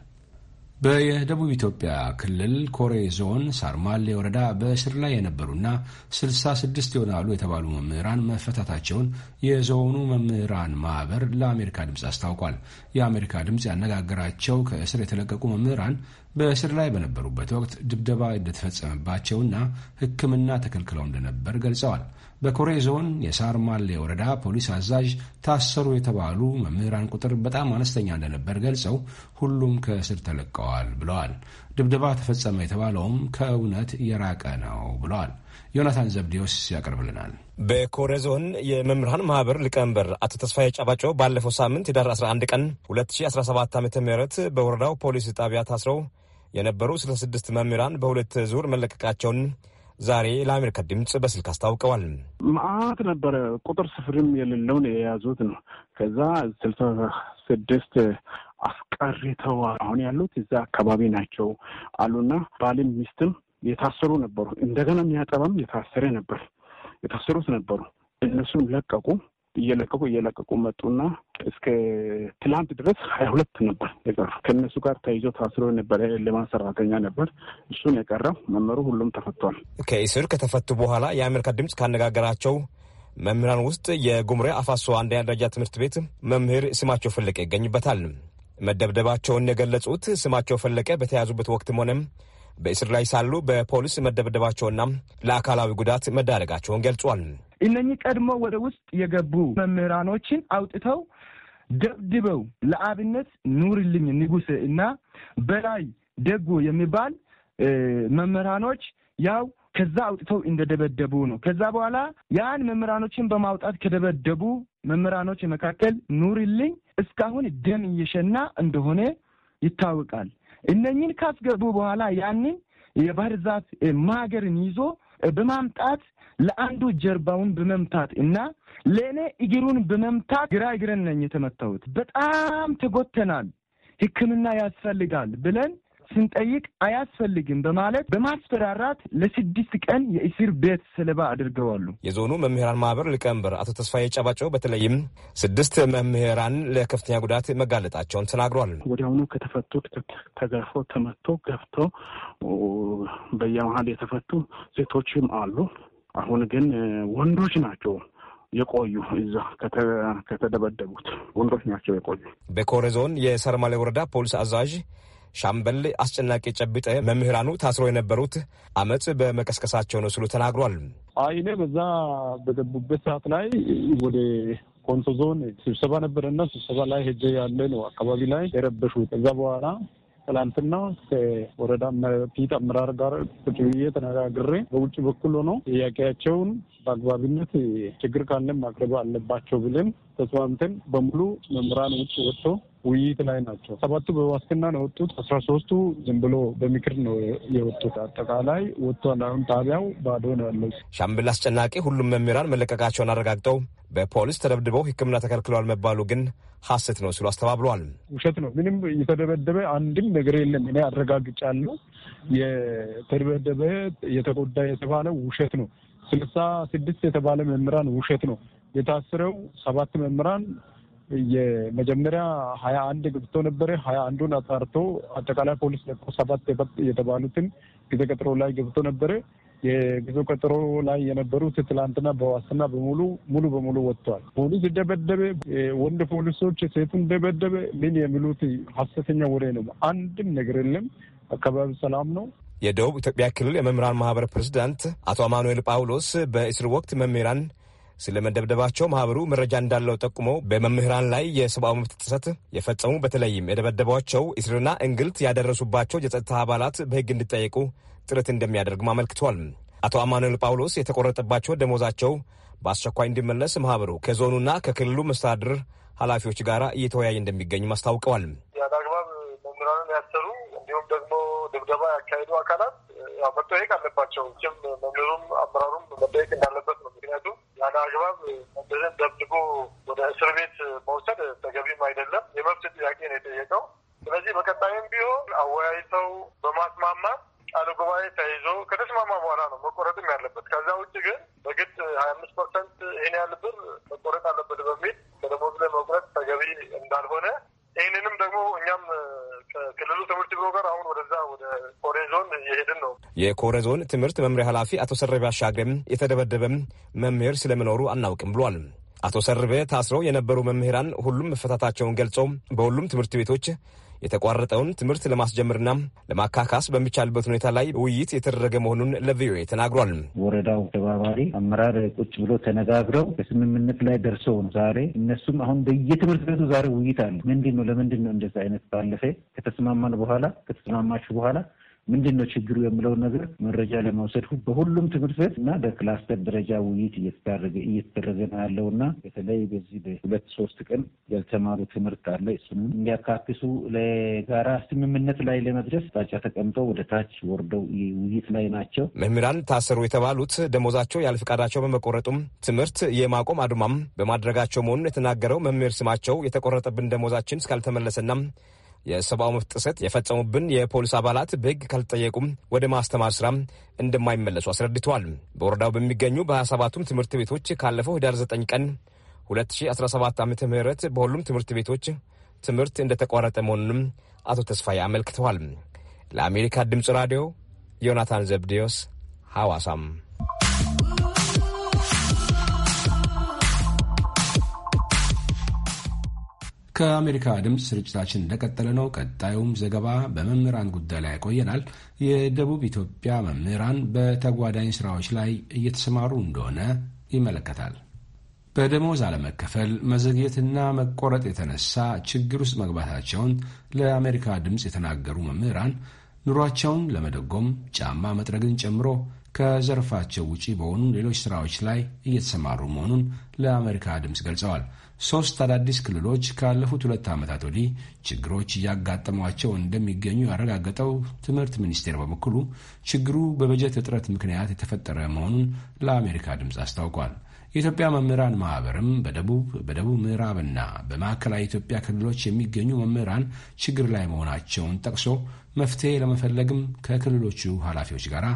በደቡብ ኢትዮጵያ ክልል ኮሬ ዞን ሳርማሌ ወረዳ በእስር ላይ የነበሩና 66 ይሆናሉ የተባሉ መምህራን መፈታታቸውን የዞኑ መምህራን ማህበር ለአሜሪካ ድምፅ አስታውቋል። የአሜሪካ ድምፅ ያነጋገራቸው ከእስር የተለቀቁ መምህራን በእስር ላይ በነበሩበት ወቅት ድብደባ እንደተፈጸመባቸውና ሕክምና ተከልክለው እንደነበር ገልጸዋል። በኮሬ ዞን የሳርማሌ ወረዳ ፖሊስ አዛዥ ታሰሩ የተባሉ መምህራን ቁጥር በጣም አነስተኛ እንደነበር ገልጸው ሁሉም ከእስር ተለቀዋል ብለዋል። ድብደባ ተፈጸመ የተባለውም ከእውነት የራቀ ነው ብለዋል። ዮናታን ዘብዴዎስ ያቀርብልናል። በኮሬ ዞን የመምህራን ማህበር ሊቀመንበር አቶ ተስፋዬ ጫባጮ ባለፈው ሳምንት ህዳር 11 ቀን 2017 ዓ ም በወረዳው ፖሊስ ጣቢያ ታስረው የነበሩ 66 መምህራን በሁለት ዙር መለቀቃቸውን ዛሬ ለአሜሪካ ድምፅ በስልክ አስታውቀዋል። መአት ነበረ ቁጥር ስፍርም የሌለውን የያዙት ነው። ከዛ ስልሳ ስድስት አስቀርተዋል። አሁን ያሉት እዛ አካባቢ ናቸው አሉና ባልም ሚስትም የታሰሩ ነበሩ። እንደገና የሚያጠባም የታሰረ ነበር። የታሰሩት ነበሩ። እነሱም ለቀቁ። እየለቀቁ እየለቀቁ መጡና እስከ ትላንት ድረስ ሀያ ሁለት ነበር የቀሩ። ከእነሱ ጋር ተይዞ ታስሮ ነበረ ልማት ሰራተኛ ነበር፣ እሱን የቀረው መምህሩ ሁሉም ተፈቷል። ከእስር ከተፈቱ በኋላ የአሜሪካ ድምፅ ካነጋገራቸው መምህራን ውስጥ የጉምሬ አፋሶ አንደኛ ደረጃ ትምህርት ቤት መምህር ስማቸው ፈለቀ ይገኝበታል። መደብደባቸውን የገለጹት ስማቸው ፈለቀ በተያዙበት ወቅትም ሆነም በእስር ላይ ሳሉ በፖሊስ መደብደባቸውና ለአካላዊ ጉዳት መዳረጋቸውን ገልጿል። እነኚህ ቀድሞ ወደ ውስጥ የገቡ መምህራኖችን አውጥተው ደብድበው ለአብነት ኑርልኝ ንጉስ እና በላይ ደጉ የሚባል መምህራኖች ያው ከዛ አውጥተው እንደደበደቡ ነው። ከዛ በኋላ ያን መምህራኖችን በማውጣት ከደበደቡ መምህራኖች መካከል ኑርልኝ እስካሁን ደም እየሸና እንደሆነ ይታወቃል። እነኝን ካስገቡ በኋላ ያንን የባህር ዛፍ ማገርን ይዞ በማምጣት ለአንዱ ጀርባውን በመምታት እና ለእኔ እግሩን በመምታት ግራ እግረን ነኝ የተመታሁት። በጣም ተጎተናል። ሕክምና ያስፈልጋል ብለን ስንጠይቅ አያስፈልግም በማለት በማስፈራራት ለስድስት ቀን የእስር ቤት ሰለባ አድርገዋሉ። የዞኑ መምህራን ማህበር ሊቀመንበር አቶ ተስፋዬ ጨባጨው በተለይም ስድስት መምህራን ለከፍተኛ ጉዳት መጋለጣቸውን ተናግሯል። ወዲያውኑ ከተፈቱት ተገርፎ ተመቶ ገፍቶ በየመሀል የተፈቱ ሴቶችም አሉ። አሁን ግን ወንዶች ናቸው የቆዩ እዛ ከተደበደቡት ወንዶች ናቸው የቆዩ። በኮሬ ዞን የሰርማሌ ወረዳ ፖሊስ አዛዥ ሻምበል አስጨናቂ ጨብጠ መምህራኑ ታስሮ የነበሩት አመፅ በመቀስቀሳቸው ነው ሲሉ ተናግሯል። አይኔ በዛ በገቡበት ሰዓት ላይ ወደ ኮንሶ ዞን ስብሰባ ነበረና ስብሰባ ላይ ሄጄ ያለ ነው አካባቢ ላይ የረበሹት። ከዛ በኋላ ትላንትና ከወረዳ ፊት አመራር ጋር ቁጭ ብዬ ተነጋግሬ በውጭ በኩል ሆኖ ጥያቄያቸውን በአግባቢነት ችግር ካለን ማቅረብ አለባቸው ብለን ተስማምተን በሙሉ መምህራን ውጭ ወጥቶ ውይይት ላይ ናቸው። ሰባቱ በዋስትና ነው የወጡት። አስራ ሶስቱ ዝም ብሎ በምክር ነው የወጡት። አጠቃላይ ወጥቷል። አሁን ጣቢያው ባዶ ነው ያለው። ሻምበል አስጨናቂ ሁሉም መምህራን መለቀቃቸውን አረጋግጠው በፖሊስ ተደብድበው ሕክምና ተከልክለዋል መባሉ ግን ሐሰት ነው ሲሉ አስተባብለዋል። ውሸት ነው። ምንም የተደበደበ አንድም ነገር የለም። እኔ አረጋግጫለሁ። የተደበደበ የተጎዳ የተባለ ውሸት ነው። ስልሳ ስድስት የተባለ መምህራን ውሸት ነው። የታሰረው ሰባት መምህራን የመጀመሪያ ሀያ አንድ ገብቶ ነበረ። ሀያ አንዱን አጣርቶ አጠቃላይ ፖሊስ ለቆ ሰባት የተባሉትን ጊዜ ቀጥሮ ላይ ገብቶ ነበረ። የጊዜ ቀጠሮ ላይ የነበሩት ትላንትና በዋስና በሙሉ ሙሉ በሙሉ ወጥተዋል። ፖሊስ ደበደበ፣ ወንድ ፖሊሶች ሴቱን ደበደበ። ምን የሚሉት ሀሰተኛ ወሬ ነው። አንድም ነገር የለም። አካባቢ ሰላም ነው። የደቡብ ኢትዮጵያ ክልል የመምህራን ማህበር ፕሬዚዳንት አቶ አማኑኤል ጳውሎስ በእስር ወቅት መምህራን ስለ መደብደባቸው ማህበሩ መረጃ እንዳለው ጠቁሞ በመምህራን ላይ የሰብአዊ መብት ጥሰት የፈጸሙ በተለይም የደበደቧቸው እስርና እንግልት ያደረሱባቸው የጸጥታ አባላት በህግ እንዲጠየቁ ጥረት እንደሚያደርግም አመልክቷል። አቶ አማኑኤል ጳውሎስ የተቆረጠባቸው ደሞዛቸው በአስቸኳይ እንዲመለስ ማህበሩ ከዞኑና ከክልሉ መስተዳድር ኃላፊዎች ጋር እየተወያየ እንደሚገኝም አስታውቀዋል። ያለአግባብ መምህራንን ያሰሩ እንዲሁም ደግሞ ድብደባ ያካሄዱ አካላት መጠየቅ አለባቸው። መምህሩም አመራሩም መጠየቅ የኮረ ዞን ትምህርት መምሪያ ኃላፊ አቶ ሰርቤ አሻግሬም የተደበደበም መምህር ስለመኖሩ አናውቅም ብሏል። አቶ ሰርቤ ታስረው የነበሩ መምህራን ሁሉም መፈታታቸውን ገልጸው በሁሉም ትምህርት ቤቶች የተቋረጠውን ትምህርት ለማስጀምርና ለማካካስ በሚቻልበት ሁኔታ ላይ ውይይት የተደረገ መሆኑን ለቪኦኤ ተናግሯል። ወረዳው ተባባሪ አመራር ቁጭ ብሎ ተነጋግረው በስምምነት ላይ ደርሰው ዛሬ እነሱም አሁን በየትምህርት ቤቱ ዛሬ ውይይት አለ። ምንድን ነው ለምንድን ነው እንደዚህ አይነት ባለፈ ከተስማማን በኋላ ከተስማማችሁ በኋላ ምንድን ነው ችግሩ የምለውን ነገር መረጃ ለመውሰድ በሁሉም ትምህርት ቤት እና በክላስተር ደረጃ ውይይት እየተደረገ ነው ያለው እና በተለይ በዚህ በሁለት ሶስት ቀን ያልተማሩ ትምህርት አለ እሱንም እንዲያካክሱ ለጋራ ስምምነት ላይ ለመድረስ ባጫ ተቀምጠው ወደ ታች ወርደው ውይይት ላይ ናቸው። መምህራን ታሰሩ የተባሉት ደሞዛቸው ያለ ፍቃዳቸው በመቆረጡም ትምህርት የማቆም አድማም በማድረጋቸው መሆኑን የተናገረው መምህር ስማቸው የተቆረጠብን ደሞዛችን እስካልተመለሰና የሰብአዊ መብት ጥሰት የፈጸሙብን የፖሊስ አባላት በሕግ ካልተጠየቁም ወደ ማስተማር ስራ እንደማይመለሱ አስረድተዋል። በወረዳው በሚገኙ በ27ቱም ትምህርት ቤቶች ካለፈው ህዳር 9 ቀን 2017 ዓ ም በሁሉም ትምህርት ቤቶች ትምህርት እንደተቋረጠ መሆኑንም አቶ ተስፋዬ አመልክተዋል። ለአሜሪካ ድምፅ ራዲዮ ዮናታን ዘብዴዎስ ሐዋሳም ከአሜሪካ ድምፅ ስርጭታችን እንደቀጠለ ነው። ቀጣዩም ዘገባ በመምህራን ጉዳይ ላይ ያቆየናል። የደቡብ ኢትዮጵያ መምህራን በተጓዳኝ ስራዎች ላይ እየተሰማሩ እንደሆነ ይመለከታል። በደሞዝ አለመከፈል መዘግየትና መቆረጥ የተነሳ ችግር ውስጥ መግባታቸውን ለአሜሪካ ድምፅ የተናገሩ መምህራን ኑሯቸውን ለመደጎም ጫማ መጥረግን ጨምሮ ከዘርፋቸው ውጪ በሆኑ ሌሎች ስራዎች ላይ እየተሰማሩ መሆኑን ለአሜሪካ ድምፅ ገልጸዋል። ሶስት አዳዲስ ክልሎች ካለፉት ሁለት ዓመታት ወዲህ ችግሮች እያጋጠሟቸው እንደሚገኙ ያረጋገጠው ትምህርት ሚኒስቴር በበኩሉ ችግሩ በበጀት እጥረት ምክንያት የተፈጠረ መሆኑን ለአሜሪካ ድምፅ አስታውቋል። የኢትዮጵያ መምህራን ማህበርም በደቡብ በደቡብ ምዕራብና በማዕከላዊ ኢትዮጵያ ክልሎች የሚገኙ መምህራን ችግር ላይ መሆናቸውን ጠቅሶ መፍትሄ ለመፈለግም ከክልሎቹ ኃላፊዎች ጋር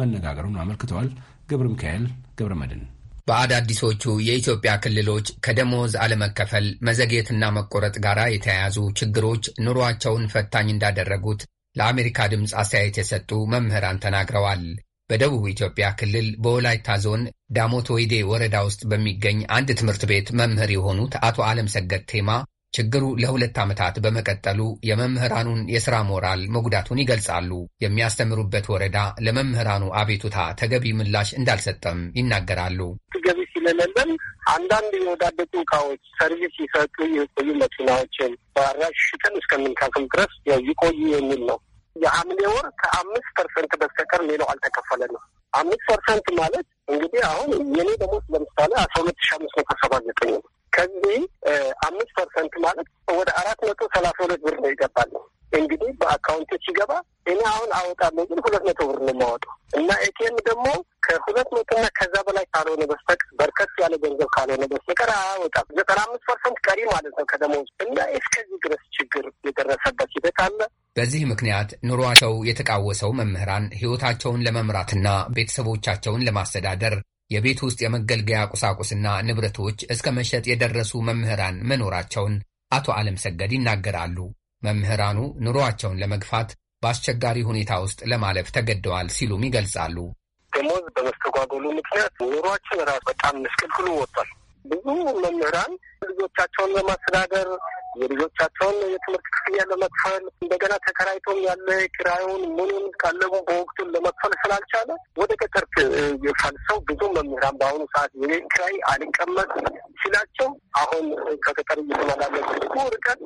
መነጋገሩን አመልክተዋል። ገብረ ሚካኤል ገብረ መድን በአዳዲሶቹ የኢትዮጵያ ክልሎች ከደሞዝ አለመከፈል መዘግየትና መቆረጥ ጋር የተያያዙ ችግሮች ኑሯቸውን ፈታኝ እንዳደረጉት ለአሜሪካ ድምፅ አስተያየት የሰጡ መምህራን ተናግረዋል። በደቡብ ኢትዮጵያ ክልል በወላይታ ዞን ዳሞት ወይዴ ወረዳ ውስጥ በሚገኝ አንድ ትምህርት ቤት መምህር የሆኑት አቶ ዓለም ሰገድ ቴማ ችግሩ ለሁለት ዓመታት በመቀጠሉ የመምህራኑን የሥራ ሞራል መጉዳቱን ይገልጻሉ። የሚያስተምሩበት ወረዳ ለመምህራኑ አቤቱታ ተገቢ ምላሽ እንዳልሰጠም ይናገራሉ። ገቢ ስለሌለን አንዳንድ የወዳደቁ እቃዎች ሰርቪስ ይሰጡ የቆዩ መኪናዎችን በአራሽ ሽጠን እስከምንከፍል ድረስ ይቆዩ የሚል ነው። የሐምሌ ወር ከአምስት ፐርሰንት በስተቀር ሌላው አልተከፈለ ነው። አምስት ፐርሰንት ማለት እንግዲህ አሁን የኔ ደሞዝ ለምሳሌ አስራ ሁለት ሺ አምስት መቶ ሰባ ዘጠኝ ነው ከዚህ አምስት ፐርሰንት ማለት ወደ አራት መቶ ሰላሳ ሁለት ብር ነው ይገባል። እንግዲህ በአካውንቶች ሲገባ እኔ አሁን አወጣለሁ ግን ሁለት መቶ ብር ነው የማወጣው እና ኤቲኤም ደግሞ ከሁለት መቶና ከዛ በላይ ካልሆነ በስተቀር በርከት ያለ ገንዘብ ካልሆነ በስተቀር አያወጣም። ዘጠና አምስት ፐርሰንት ቀሪ ማለት ነው ከደሞዝ እና እስከዚህ ድረስ ችግር የደረሰበት ሂደት አለ። በዚህ ምክንያት ኑሯቸው የተቃወሰው መምህራን ሕይወታቸውን ለመምራትና ቤተሰቦቻቸውን ለማስተዳደር የቤት ውስጥ የመገልገያ ቁሳቁስና ንብረቶች እስከ መሸጥ የደረሱ መምህራን መኖራቸውን አቶ ዓለም ሰገድ ይናገራሉ። መምህራኑ ኑሮአቸውን ለመግፋት በአስቸጋሪ ሁኔታ ውስጥ ለማለፍ ተገደዋል ሲሉም ይገልጻሉ። ደሞዝ በመስተጓጎሉ ምክንያት ኑሯችን ራሱ በጣም ምስቅልቅሉ ወጥቷል። ብዙ መምህራን ልጆቻቸውን ለማስተዳደር የልጆቻቸውን የትምህርት ክፍያ ለመክፈል እንደገና ተከራይቶም ያለ ኪራዩን ምኑን ቀለቡ በወቅቱ ለመክፈል ስላልቻለ ወደ ገጠር ፈልሰው ብዙ መምህራን በአሁኑ ሰዓት የቤት ኪራይ አልቀመጥ ሲላቸው አሁን ከገጠር እየተመላለሱ ብዙ ርቀት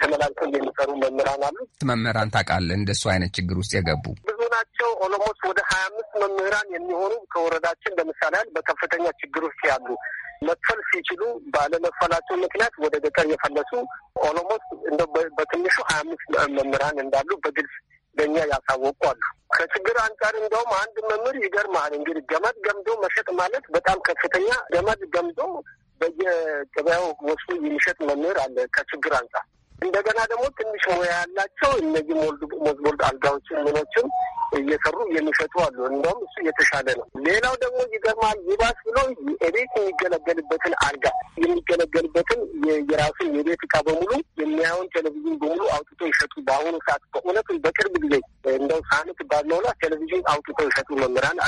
ተመላልሰው የሚሰሩ መምህራን አሉ። መምህራን ታውቃለህ፣ እንደሱ አይነት ችግር ውስጥ የገቡ ብዙ ናቸው። ኦሎሞስ ወደ ሀያ አምስት መምህራን የሚሆኑ ከወረዳችን ለምሳሌ ያህል በከፍተኛ ችግር ውስጥ ያሉ መክፈል ሲችሉ ባለመክፈላቸው ምክንያት ወደ ገጠር የፈለሱ ኦሎሞስ እንደ በትንሹ ሀያ አምስት መምህራን እንዳሉ በግልጽ ለእኛ ያሳወቁ አሉ። ከችግር አንጻር እንደውም አንድ መምህር ይገርማል እንግዲህ ገመድ ገምዶ መሸጥ ማለት በጣም ከፍተኛ ገመድ ገምዶ በየገበያው ወስዶ የሚሸጥ መምህር አለ። ከችግር አንጻር እንደገና ደግሞ ትንሽ ሙያ ያላቸው እነዚህ ሞልድ ሞዝቦልድ አልጋዎችን ምኖችን እየሰሩ የሚሸጡ አሉ። እንደውም እሱ እየተሻለ ነው። ሌላው ደግሞ ይገርማል። ይባስ ብሎ የቤት የሚገለገልበትን አልጋ የሚገለገልበትን የራሱን የቤት እቃ በሙሉ የሚያየውን ቴሌቪዥን በሙሉ አውጥቶ ይሸጡ። በአሁኑ ሰዓት በእውነቱ በቅርብ ጊዜ እንደው ሳምንት ባልሆነ ቴሌቪዥን አውጥቶ ይሸጡ መምህራን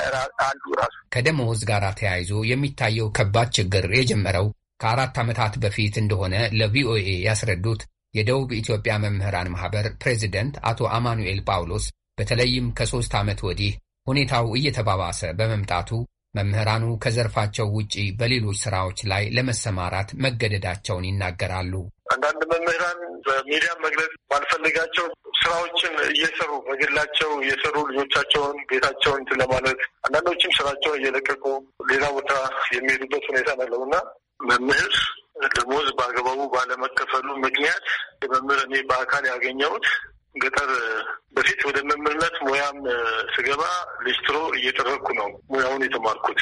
አሉ። ራሱ ከደሞዝ ጋር ተያይዞ የሚታየው ከባድ ችግር የጀመረው ከአራት ዓመታት በፊት እንደሆነ ለቪኦኤ ያስረዱት የደቡብ ኢትዮጵያ መምህራን ማኅበር ፕሬዚደንት አቶ አማኑኤል ጳውሎስ በተለይም ከሦስት ዓመት ወዲህ ሁኔታው እየተባባሰ በመምጣቱ መምህራኑ ከዘርፋቸው ውጪ በሌሎች ሥራዎች ላይ ለመሰማራት መገደዳቸውን ይናገራሉ። አንዳንድ መምህራን በሚዲያ መግለጽ ባልፈልጋቸው ስራዎችን እየሰሩ በግላቸው እየሰሩ ልጆቻቸውን ቤታቸውን እንትን ለማለት አንዳንዶችም ስራቸውን እየለቀቁ ሌላ ቦታ የሚሄዱበት ሁኔታ ነው እና መምህር ደሞዝ በአግባቡ ባለመከፈሉ ምክንያት የመምህር እኔ በአካል ያገኘሁት ገጠር በፊት ወደ መምህርነት ሙያም ስገባ ሊስትሮ እየጠረኩ ነው ሙያውን የተማርኩት።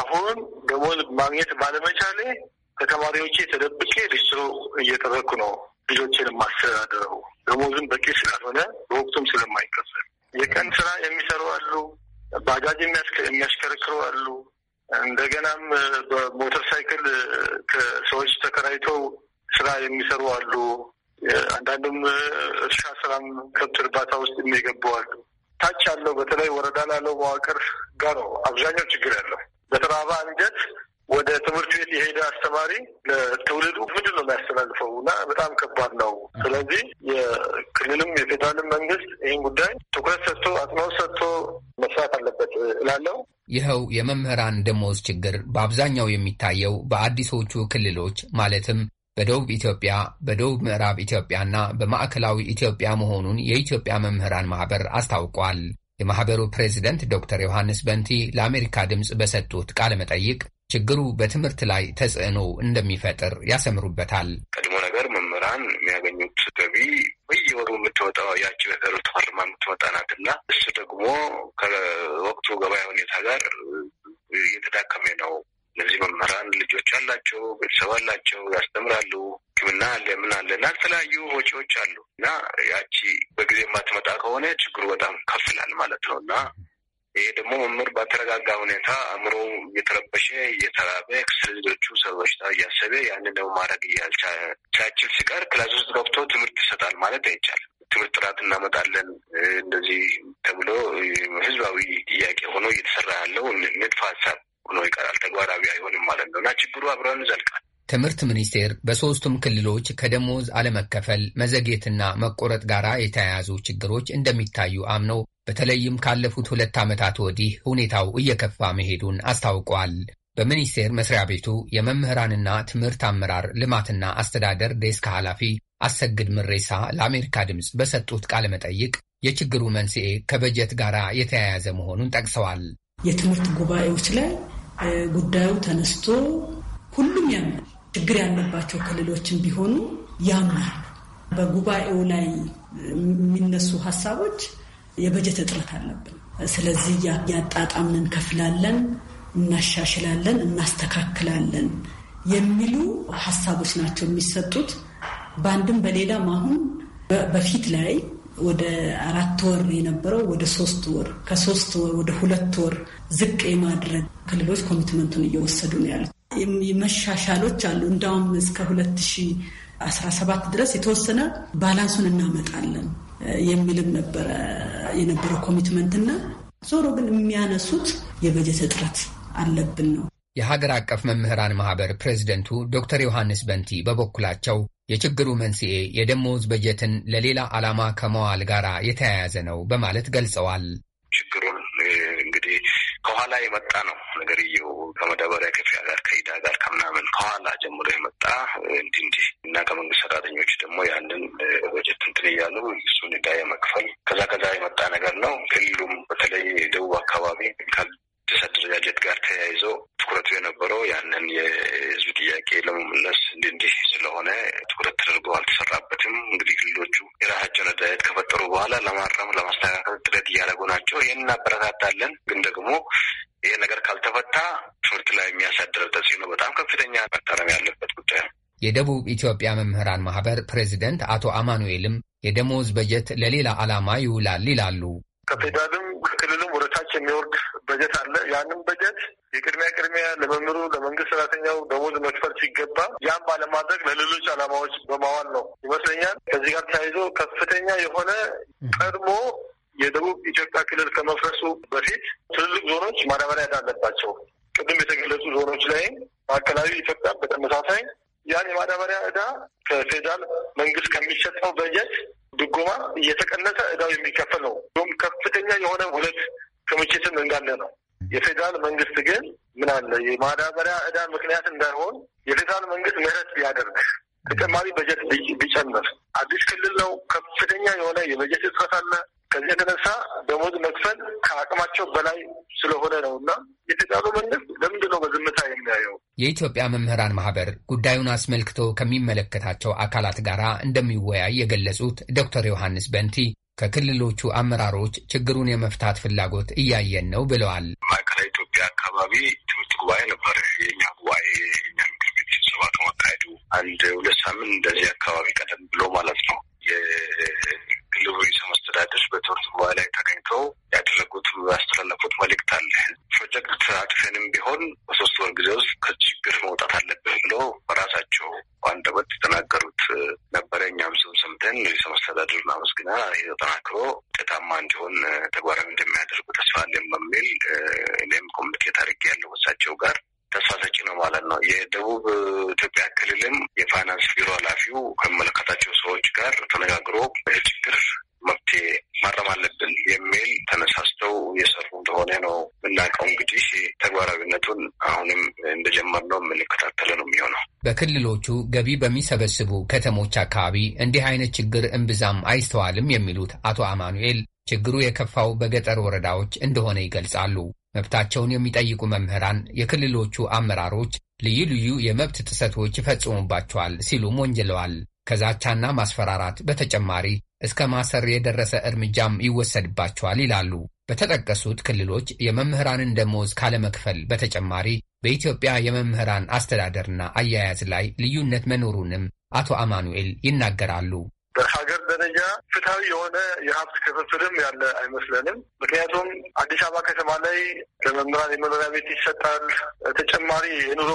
አሁን ደሞዝ ማግኘት ባለመቻሌ ከተማሪዎቼ ተደብቄ ሊስትሮ እየጠረኩ ነው ልጆችን የማስተዳድረው። ደሞዝም በቂ ስላልሆነ በወቅቱም ስለማይከፈል የቀን ስራ የሚሰሩ አሉ፣ ባጃጅ የሚያሽከረክሩ አሉ፣ እንደገናም በሞተር ሳይክል ከሰዎች ተከራይተው ስራ የሚሰሩ አሉ። አንዳንዱም እርሻ ስራም ከብት እርባታ ውስጥ የሚገቡ አሉ። ታች ያለው በተለይ ወረዳ ላለው መዋቅር ጋር ነው አብዛኛው ችግር ያለው በተራባ አንጀት ወደ ትምህርት ቤት የሄደ አስተማሪ ለትውልዱ ምንድን ነው የሚያስተላልፈው? እና በጣም ከባድ ነው። ስለዚህ የክልልም የፌዴራልም መንግስት ይህን ጉዳይ ትኩረት ሰጥቶ አጽንኦት ሰጥቶ መስራት አለበት እላለሁ። ይኸው የመምህራን ደሞዝ ችግር በአብዛኛው የሚታየው በአዲሶቹ ክልሎች ማለትም በደቡብ ኢትዮጵያ፣ በደቡብ ምዕራብ ኢትዮጵያና በማዕከላዊ ኢትዮጵያ መሆኑን የኢትዮጵያ መምህራን ማህበር አስታውቋል። የማህበሩ ፕሬዚደንት ዶክተር ዮሐንስ በንቲ ለአሜሪካ ድምፅ በሰጡት ቃለ መጠይቅ ችግሩ በትምህርት ላይ ተጽዕኖ እንደሚፈጥር ያሰምሩበታል። ቀድሞ ነገር መምህራን የሚያገኙት ገቢ በየወሩ የምትወጣው ያቺ በተሩት ተፈርማ የምትወጣ ናትና እሱ ደግሞ ከወቅቱ ገበያ ሁኔታ ጋር እየተዳከመ ነው። እነዚህ መምህራን ልጆች አላቸው፣ ቤተሰብ አላቸው፣ ያስተምራሉ። ሕክምና አለ ምን አለና የተለያዩ ወጪዎች አሉ እና ያቺ ጊዜ የማትመጣ ከሆነ ችግሩ በጣም ከፍላል ማለት ነው እና ይሄ ደግሞ መምህር በተረጋጋ ሁኔታ አእምሮ እየተረበሸ እየተራበ ልጆቹ ሰበሽታ እያሰበ ያንን ደግሞ ማድረግ እያልቻችል ሲቀር ክላስ ውስጥ ገብቶ ትምህርት ይሰጣል ማለት አይቻልም። ትምህርት ጥራት እናመጣለን እንደዚህ ተብሎ ህዝባዊ ጥያቄ ሆኖ እየተሰራ ያለው ንድፈ ሀሳብ ሆኖ ይቀራል፣ ተግባራዊ አይሆንም ማለት ነው እና ችግሩ አብረን ይዘልቃል። ትምህርት ሚኒስቴር በሦስቱም ክልሎች ከደሞዝ አለመከፈል መዘግየትና መቆረጥ ጋር የተያያዙ ችግሮች እንደሚታዩ አምነው በተለይም ካለፉት ሁለት ዓመታት ወዲህ ሁኔታው እየከፋ መሄዱን አስታውቋል። በሚኒስቴር መስሪያ ቤቱ የመምህራንና ትምህርት አመራር ልማትና አስተዳደር ዴስክ ኃላፊ አሰግድ ምሬሳ ለአሜሪካ ድምፅ በሰጡት ቃለ መጠይቅ የችግሩ መንስኤ ከበጀት ጋር የተያያዘ መሆኑን ጠቅሰዋል። የትምህርት ጉባኤዎች ላይ ጉዳዩ ተነስቶ ሁሉም ያምናል። ችግር ያለባቸው ክልሎችን ቢሆኑ ያምናሉ። በጉባኤው ላይ የሚነሱ ሀሳቦች የበጀት እጥረት አለብን፣ ስለዚህ ያጣጣምን እንከፍላለን፣ እናሻሽላለን፣ እናስተካክላለን የሚሉ ሀሳቦች ናቸው የሚሰጡት። በአንድም በሌላም አሁን በፊት ላይ ወደ አራት ወር የነበረው ወደ ሶስት ወር ከሶስት ወር ወደ ሁለት ወር ዝቅ የማድረግ ክልሎች ኮሚትመንቱን እየወሰዱ ነው ያሉት። መሻሻሎች አሉ። እንዳውም እስከ 2017 ድረስ የተወሰነ ባላንሱን እናመጣለን የሚልም ነበረ የነበረው ኮሚትመንትና ዞሮ ግን የሚያነሱት የበጀት እጥረት አለብን ነው። የሀገር አቀፍ መምህራን ማህበር ፕሬዚደንቱ ዶክተር ዮሐንስ በንቲ በበኩላቸው የችግሩ መንስኤ የደሞዝ በጀትን ለሌላ ዓላማ ከመዋል ጋር የተያያዘ ነው በማለት ገልጸዋል። ከኋላ የመጣ ነው ነገርየው። ከመደበሪያ ክፍያ ጋር ከሂዳ ጋር ከምናምን ከኋላ ጀምሮ የመጣ እንዲ እንዲህ እና ከመንግስት ሰራተኞች ደግሞ ያንን በጀት እንትን እያሉ እሱን እዳ የመክፈል ከዛ ከዛ የመጣ ነገር ነው። ክልሉም በተለይ ደቡብ አካባቢ አዲስ አደረጃጀት ጋር ተያይዞ ትኩረቱ የነበረው ያንን የህዝብ ጥያቄ ለመመለስ እንዲህ ስለሆነ ትኩረት ተደርጎ አልተሰራበትም። እንግዲህ ክልሎቹ የራሳቸውን አደረጃጀት ከፈጠሩ በኋላ ለማረም ለማስተካከል ጥረት እያደረጉ ናቸው። ይህን እናበረታታለን። ግን ደግሞ ይህ ነገር ካልተፈታ ትምህርት ላይ የሚያሳድረው ተጽዕኖ በጣም ከፍተኛ መታረም ያለበት ጉዳይ ነው። የደቡብ ኢትዮጵያ መምህራን ማህበር ፕሬዚደንት አቶ አማኑኤልም የደሞዝ በጀት ለሌላ ዓላማ ይውላል ይላሉ። ከፌዴራልም ከክልልም ወደ ታች የሚወርድ በጀት አለ። ያንም በጀት የቅድሚያ ቅድሚያ ለመምህሩ ለመንግስት ሰራተኛው ደሞዝ መክፈል ሲገባ ያም ባለማድረግ ለሌሎች ዓላማዎች በማዋል ነው ይመስለኛል። ከዚህ ጋር ተያይዞ ከፍተኛ የሆነ ቀድሞ የደቡብ ኢትዮጵያ ክልል ከመፍረሱ በፊት ትልልቅ ዞኖች ማዳበሪያ ዕዳ አለባቸው። ቅድም የተገለጹ ዞኖች ላይም ማዕከላዊ ኢትዮጵያ በተመሳሳይ ያን የማዳበሪያ እዳ ከፌዴራል መንግስት ከሚሰጠው በጀት ድጎማ እየተቀነሰ እዳው የሚከፈል ነው። እንዲሁም ከፍተኛ የሆነ ሁለት ክምችትም እንዳለ ነው። የፌዴራል መንግስት ግን ምን አለ የማዳበሪያ እዳ ምክንያት እንዳይሆን የፌዴራል መንግስት ምህረት ቢያደርግ ተጨማሪ በጀት ቢጨምር። አዲስ ክልል ነው። ከፍተኛ የሆነ የበጀት እጥረት አለ። ከዚህ የተነሳ ደሞዝ መክፈል ከአቅማቸው በላይ ስለሆነ ነው እና የፌዴራሉ መንግስት ነው በዝምታ የሚያየው? የኢትዮጵያ መምህራን ማህበር ጉዳዩን አስመልክቶ ከሚመለከታቸው አካላት ጋር እንደሚወያይ የገለጹት ዶክተር ዮሐንስ በንቲ ከክልሎቹ አመራሮች ችግሩን የመፍታት ፍላጎት እያየን ነው ብለዋል። ማዕከላዊ ኢትዮጵያ አካባቢ ትምህርት ጉባኤ ነበር። የኛ ጉባኤ የኛ ምክር ቤት ስብሰባ ከመካሄዱ አንድ ሁለት ሳምንት እንደዚህ አካባቢ ቀደም ብሎ ማለት ነው ክልሉ ርዕሰ መስተዳድር በትምህርት ጉባኤ ላይ ተገኝተው ያደረጉት ያስተላለፉት መልእክት አለ። ፕሮጀክት አጥፈንም ቢሆን በሶስት ወር ጊዜ ውስጥ ከችግር መውጣት አለብህ ብሎ በራሳቸው አንደበት የተናገሩት ነበረ። እኛም ስም ሰምተን ርዕሰ መስተዳድሩን አመስግና ይህ ተጠናክሮ ውጤታማ እንዲሆን ተግባራዊ እንደሚያደርጉ ተስፋ አለን በሚል እኔም ኮሚኒኬት አድርጌ ያለው እሳቸው ጋር ተስፋ ሰጪ ነው ማለት ነው። የደቡብ ኢትዮጵያ ክልልም የፋይናንስ ቢሮ ኃላፊው ከሚመለከታቸው ሰዎች ጋር ተነጋግሮ ችግር መፍትሄ ማረም አለብን የሚል ተነሳስተው እየሰሩ እንደሆነ ነው የምናውቀው። እንግዲህ ተግባራዊነቱን አሁንም እንደጀመርነው የምንከታተለ ነው የሚሆነው። በክልሎቹ ገቢ በሚሰበስቡ ከተሞች አካባቢ እንዲህ አይነት ችግር እምብዛም አይስተዋልም የሚሉት አቶ አማኑኤል ችግሩ የከፋው በገጠር ወረዳዎች እንደሆነ ይገልጻሉ። መብታቸውን የሚጠይቁ መምህራን የክልሎቹ አመራሮች ልዩ ልዩ የመብት ጥሰቶች ይፈጽሙባቸዋል ሲሉም ወንጅለዋል። ከዛቻና ማስፈራራት በተጨማሪ እስከ ማሰር የደረሰ እርምጃም ይወሰድባቸዋል ይላሉ። በተጠቀሱት ክልሎች የመምህራንን ደሞዝ ካለመክፈል በተጨማሪ በኢትዮጵያ የመምህራን አስተዳደርና አያያዝ ላይ ልዩነት መኖሩንም አቶ አማኑኤል ይናገራሉ። በሀገር ደረጃ ፍትሐዊ የሆነ የሀብት ክፍፍልም ያለ አይመስለንም። ምክንያቱም አዲስ አበባ ከተማ ላይ ለመምህራን የመኖሪያ ቤት ይሰጣል። ተጨማሪ የኑሮ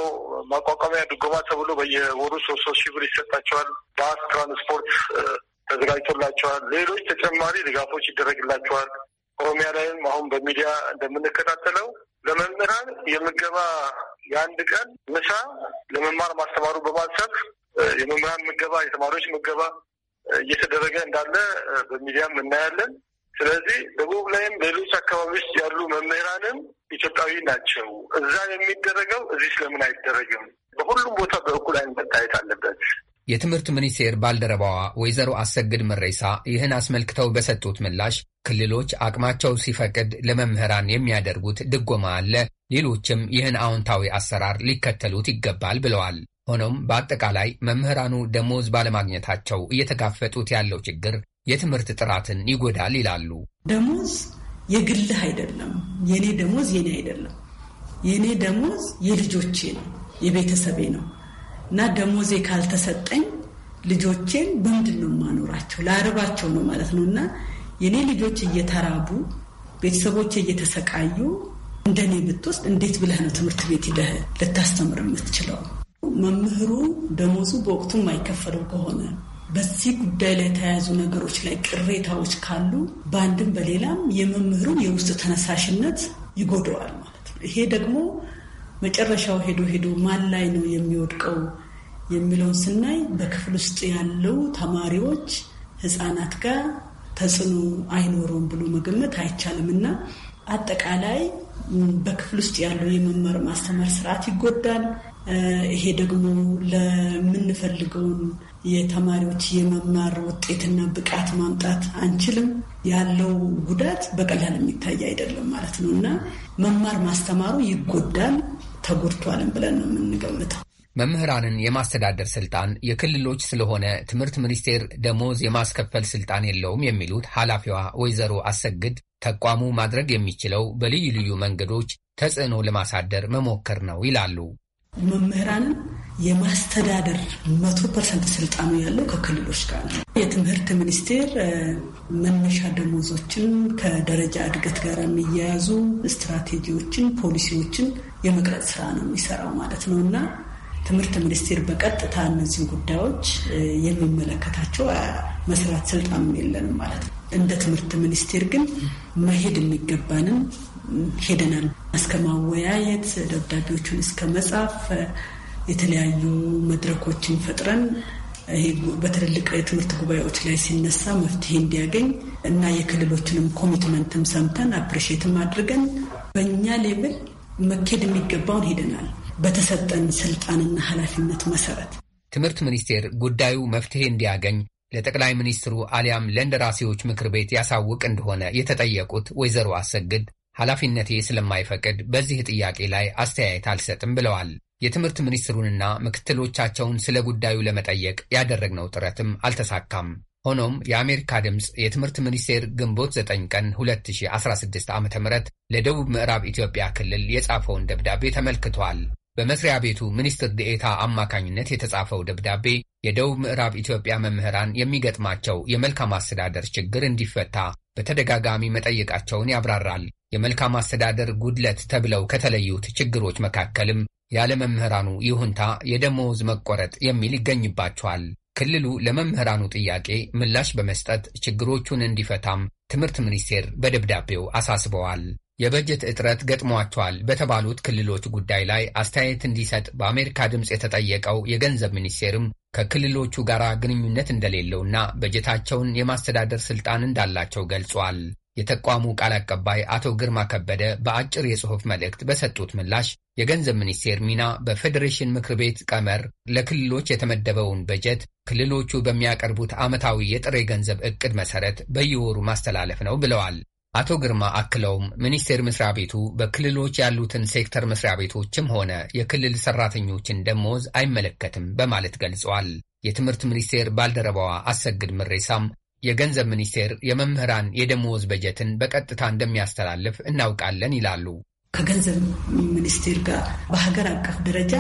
ማቋቋሚያ ድጎማ ተብሎ በየወሩ ሶስት ሶስት ሺህ ብር ይሰጣቸዋል። ባስ፣ ትራንስፖርት ተዘጋጅቶላቸዋል። ሌሎች ተጨማሪ ድጋፎች ይደረግላቸዋል። ኦሮሚያ ላይም አሁን በሚዲያ እንደምንከታተለው ለመምህራን የምገባ የአንድ ቀን ምሳ ለመማር ማስተማሩ በማሰብ የመምህራን ምገባ፣ የተማሪዎች ምገባ እየተደረገ እንዳለ በሚዲያም እናያለን። ስለዚህ ደቡብ ላይም ሌሎች አካባቢዎች ያሉ መምህራንም ኢትዮጵያዊ ናቸው። እዛ የሚደረገው እዚህ ስለምን አይደረግም? በሁሉም ቦታ በእኩል አይነት መታየት አለበት። የትምህርት ሚኒስቴር ባልደረባዋ ወይዘሮ አሰግድ መሬሳ ይህን አስመልክተው በሰጡት ምላሽ ክልሎች አቅማቸው ሲፈቅድ ለመምህራን የሚያደርጉት ድጎማ አለ፣ ሌሎችም ይህን አዎንታዊ አሰራር ሊከተሉት ይገባል ብለዋል። ሆኖም በአጠቃላይ መምህራኑ ደሞዝ ባለማግኘታቸው እየተጋፈጡት ያለው ችግር የትምህርት ጥራትን ይጎዳል ይላሉ። ደሞዝ የግልህ አይደለም። የኔ ደሞዝ የኔ አይደለም። የኔ ደሞዝ የልጆቼ ነው፣ የቤተሰቤ ነው እና ደሞዜ ካልተሰጠኝ ልጆቼን በምንድን ነው የማኖራቸው? ላርባቸው ነው ማለት ነው እና የኔ ልጆች እየተራቡ ቤተሰቦች እየተሰቃዩ እንደኔ ብትወስድ እንዴት ብለህ ነው ትምህርት ቤት ሂደህ ልታስተምር የምትችለው? መምህሩ ደሞዙ በወቅቱ የማይከፈለው ከሆነ በዚህ ጉዳይ ላይ የተያያዙ ነገሮች ላይ ቅሬታዎች ካሉ በአንድም በሌላም የመምህሩን የውስጥ ተነሳሽነት ይጎደዋል ማለት ነው። ይሄ ደግሞ መጨረሻው ሄዶ ሄዶ ማን ላይ ነው የሚወድቀው የሚለውን ስናይ በክፍል ውስጥ ያለው ተማሪዎች ህፃናት ጋር ተጽዕኖ አይኖረውም ብሎ መገመት አይቻልም እና አጠቃላይ በክፍል ውስጥ ያለው የመማር ማስተማር ስርዓት ይጎዳል። ይሄ ደግሞ ለምንፈልገውን የተማሪዎች የመማር ውጤትና ብቃት ማምጣት አንችልም። ያለው ጉዳት በቀላል የሚታይ አይደለም ማለት ነው እና መማር ማስተማሩ ይጎዳል፣ ተጎድቷልም ብለን ነው የምንገምተው። መምህራንን የማስተዳደር ስልጣን የክልሎች ስለሆነ ትምህርት ሚኒስቴር ደሞዝ የማስከፈል ስልጣን የለውም የሚሉት ኃላፊዋ ወይዘሮ አሰግድ ተቋሙ ማድረግ የሚችለው በልዩ ልዩ መንገዶች ተጽዕኖ ለማሳደር መሞከር ነው ይላሉ። መምህራንን የማስተዳደር መቶ ፐርሰንት ስልጣኑ ያለው ከክልሎች ጋር ነው። የትምህርት ሚኒስቴር መነሻ ደሞዞችን ከደረጃ እድገት ጋር የሚያያዙ ስትራቴጂዎችን፣ ፖሊሲዎችን የመቅረጽ ስራ ነው የሚሰራው ማለት ነው እና ትምህርት ሚኒስቴር በቀጥታ እነዚህን ጉዳዮች የሚመለከታቸው መስራት ስልጣኑ የለንም ማለት ነው። እንደ ትምህርት ሚኒስቴር ግን መሄድ የሚገባንን ሄደናል። እስከ ማወያየት፣ ደብዳቤዎቹን እስከ መጻፍ የተለያዩ መድረኮችን ፈጥረን ይሄ በትልልቅ የትምህርት ጉባኤዎች ላይ ሲነሳ መፍትሄ እንዲያገኝ እና የክልሎችንም ኮሚትመንትም ሰምተን አፕሪሽትም አድርገን በእኛ ሌብል መኬድ የሚገባውን ሄደናል በተሰጠን ስልጣንና ኃላፊነት መሰረት። ትምህርት ሚኒስቴር ጉዳዩ መፍትሄ እንዲያገኝ ለጠቅላይ ሚኒስትሩ አሊያም ለእንደራሴዎች ምክር ቤት ያሳውቅ እንደሆነ የተጠየቁት ወይዘሮ አሰግድ ኃላፊነቴ ስለማይፈቅድ በዚህ ጥያቄ ላይ አስተያየት አልሰጥም ብለዋል። የትምህርት ሚኒስትሩንና ምክትሎቻቸውን ስለ ጉዳዩ ለመጠየቅ ያደረግነው ጥረትም አልተሳካም። ሆኖም የአሜሪካ ድምፅ የትምህርት ሚኒስቴር ግንቦት 9 ቀን 2016 ዓ ም ለደቡብ ምዕራብ ኢትዮጵያ ክልል የጻፈውን ደብዳቤ ተመልክቷል። በመስሪያ ቤቱ ሚኒስትር ድኤታ አማካኝነት የተጻፈው ደብዳቤ የደቡብ ምዕራብ ኢትዮጵያ መምህራን የሚገጥማቸው የመልካም አስተዳደር ችግር እንዲፈታ በተደጋጋሚ መጠየቃቸውን ያብራራል። የመልካም አስተዳደር ጉድለት ተብለው ከተለዩት ችግሮች መካከልም ያለመምህራኑ ይሁንታ የደመወዝ መቆረጥ የሚል ይገኝባቸዋል። ክልሉ ለመምህራኑ ጥያቄ ምላሽ በመስጠት ችግሮቹን እንዲፈታም ትምህርት ሚኒስቴር በደብዳቤው አሳስበዋል። የበጀት እጥረት ገጥሟቸዋል በተባሉት ክልሎች ጉዳይ ላይ አስተያየት እንዲሰጥ በአሜሪካ ድምፅ የተጠየቀው የገንዘብ ሚኒስቴርም ከክልሎቹ ጋር ግንኙነት እንደሌለውና በጀታቸውን የማስተዳደር ስልጣን እንዳላቸው ገልጿል። የተቋሙ ቃል አቀባይ አቶ ግርማ ከበደ በአጭር የጽሑፍ መልእክት በሰጡት ምላሽ የገንዘብ ሚኒስቴር ሚና በፌዴሬሽን ምክር ቤት ቀመር ለክልሎች የተመደበውን በጀት ክልሎቹ በሚያቀርቡት ዓመታዊ የጥሬ ገንዘብ ዕቅድ መሠረት በየወሩ ማስተላለፍ ነው ብለዋል። አቶ ግርማ አክለውም ሚኒስቴር መስሪያ ቤቱ በክልሎች ያሉትን ሴክተር መስሪያ ቤቶችም ሆነ የክልል ሰራተኞችን ደሞዝ አይመለከትም በማለት ገልጸዋል። የትምህርት ሚኒስቴር ባልደረባዋ አሰግድ ምሬሳም የገንዘብ ሚኒስቴር የመምህራን የደሞዝ በጀትን በቀጥታ እንደሚያስተላልፍ እናውቃለን ይላሉ። ከገንዘብ ሚኒስቴር ጋር በሀገር አቀፍ ደረጃ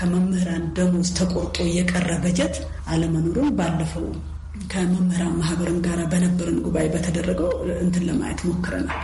ከመምህራን ደሞዝ ተቆርጦ የቀረ በጀት አለመኖሩን ባለፈው ከመምህራን ማህበርም ጋር በነበረን ጉባኤ በተደረገው እንትን ለማየት ሞክረናል።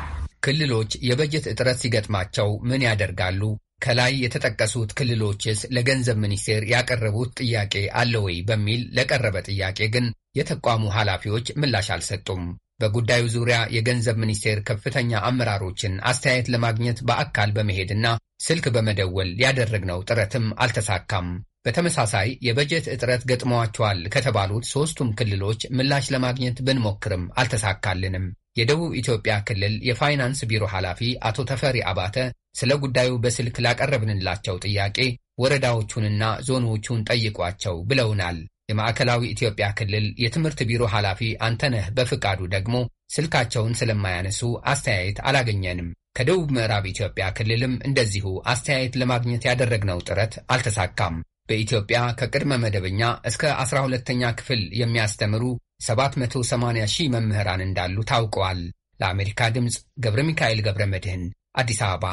ክልሎች የበጀት እጥረት ሲገጥማቸው ምን ያደርጋሉ? ከላይ የተጠቀሱት ክልሎችስ ለገንዘብ ሚኒስቴር ያቀረቡት ጥያቄ አለ ወይ በሚል ለቀረበ ጥያቄ ግን የተቋሙ ኃላፊዎች ምላሽ አልሰጡም። በጉዳዩ ዙሪያ የገንዘብ ሚኒስቴር ከፍተኛ አመራሮችን አስተያየት ለማግኘት በአካል በመሄድና ስልክ በመደወል ያደረግነው ጥረትም አልተሳካም። በተመሳሳይ የበጀት እጥረት ገጥመዋቸዋል ከተባሉት ሦስቱም ክልሎች ምላሽ ለማግኘት ብንሞክርም አልተሳካልንም። የደቡብ ኢትዮጵያ ክልል የፋይናንስ ቢሮ ኃላፊ አቶ ተፈሪ አባተ ስለ ጉዳዩ በስልክ ላቀረብንላቸው ጥያቄ ወረዳዎቹንና ዞኖቹን ጠይቋቸው ብለውናል። የማዕከላዊ ኢትዮጵያ ክልል የትምህርት ቢሮ ኃላፊ አንተነህ በፍቃዱ ደግሞ ስልካቸውን ስለማያነሱ አስተያየት አላገኘንም። ከደቡብ ምዕራብ ኢትዮጵያ ክልልም እንደዚሁ አስተያየት ለማግኘት ያደረግነው ጥረት አልተሳካም። በኢትዮጵያ ከቅድመ መደበኛ እስከ 12ተኛ ክፍል የሚያስተምሩ 780 ሺህ መምህራን እንዳሉ ታውቀዋል። ለአሜሪካ ድምፅ ገብረ ሚካኤል ገብረ መድህን አዲስ አበባ።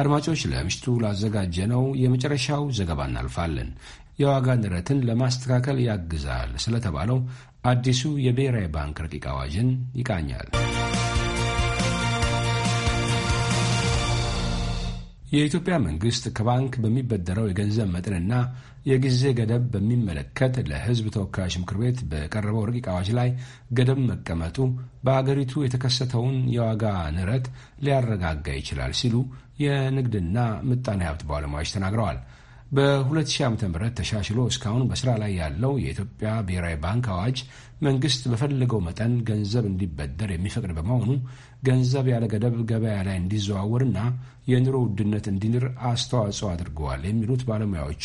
አድማጮች ለምሽቱ ላዘጋጀ ነው የመጨረሻው ዘገባ እናልፋለን። የዋጋ ንረትን ለማስተካከል ያግዛል ስለተባለው አዲሱ የብሔራዊ ባንክ ረቂቅ አዋጅን ይቃኛል። የኢትዮጵያ መንግስት ከባንክ በሚበደረው የገንዘብ መጠንና የጊዜ ገደብ በሚመለከት ለሕዝብ ተወካዮች ምክር ቤት በቀረበው ረቂቅ አዋጅ ላይ ገደብ መቀመጡ በአገሪቱ የተከሰተውን የዋጋ ንረት ሊያረጋጋ ይችላል ሲሉ የንግድና ምጣኔ ሀብት ባለሙያዎች ተናግረዋል። በ2000 ዓ ም ተሻሽሎ እስካሁን በሥራ ላይ ያለው የኢትዮጵያ ብሔራዊ ባንክ አዋጅ መንግሥት በፈለገው መጠን ገንዘብ እንዲበደር የሚፈቅድ በመሆኑ ገንዘብ ያለ ገደብ ገበያ ላይ እንዲዘዋወርና የኑሮ ውድነት እንዲንር አስተዋጽኦ አድርገዋል የሚሉት ባለሙያዎቹ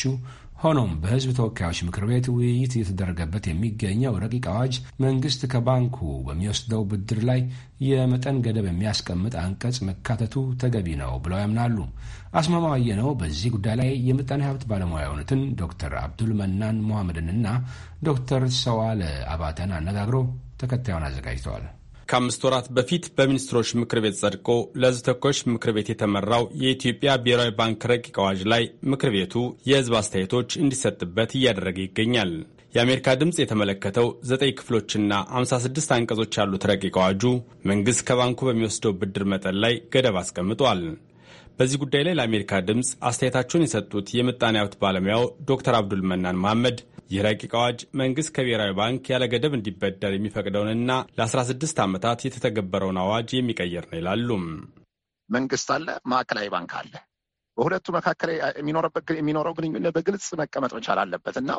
ሆኖም በሕዝብ ተወካዮች ምክር ቤት ውይይት እየተደረገበት የሚገኘው ረቂቅ አዋጅ መንግስት ከባንኩ በሚወስደው ብድር ላይ የመጠን ገደብ የሚያስቀምጥ አንቀጽ መካተቱ ተገቢ ነው ብለው ያምናሉ። አስማማው አየነው በዚህ ጉዳይ ላይ የምጣኔ ሀብት ባለሙያ የሆኑትን ዶክተር አብዱል መናን ሞሐመድንና ዶክተር ሰዋለ አባተን አነጋግሮ ተከታዩን አዘጋጅተዋል። ከአምስት ወራት በፊት በሚኒስትሮች ምክር ቤት ጸድቆ ለሕዝብ ተወካዮች ምክር ቤት የተመራው የኢትዮጵያ ብሔራዊ ባንክ ረቂቅ አዋጅ ላይ ምክር ቤቱ የሕዝብ አስተያየቶች እንዲሰጥበት እያደረገ ይገኛል። የአሜሪካ ድምፅ የተመለከተው ዘጠኝ ክፍሎችና 56 አንቀጾች ያሉት ረቂቅ አዋጁ መንግሥት ከባንኩ በሚወስደው ብድር መጠን ላይ ገደብ አስቀምጧል። በዚህ ጉዳይ ላይ ለአሜሪካ ድምፅ አስተያየታቸውን የሰጡት የምጣኔ ሀብት ባለሙያው ዶክተር አብዱል መናን መሐመድ ይህ ረቂቅ አዋጅ ከብሔራዊ ባንክ ያለ ገደብ እንዲበደር የሚፈቅደውንና ለ16 ዓመታት የተተገበረውን አዋጅ የሚቀይር ነው ይላሉም። መንግስት አለ፣ ማዕከላዊ ባንክ አለ። በሁለቱ መካከል የሚኖረው ግንኙነት በግልጽ መቀመጥ መቻል አለበት እና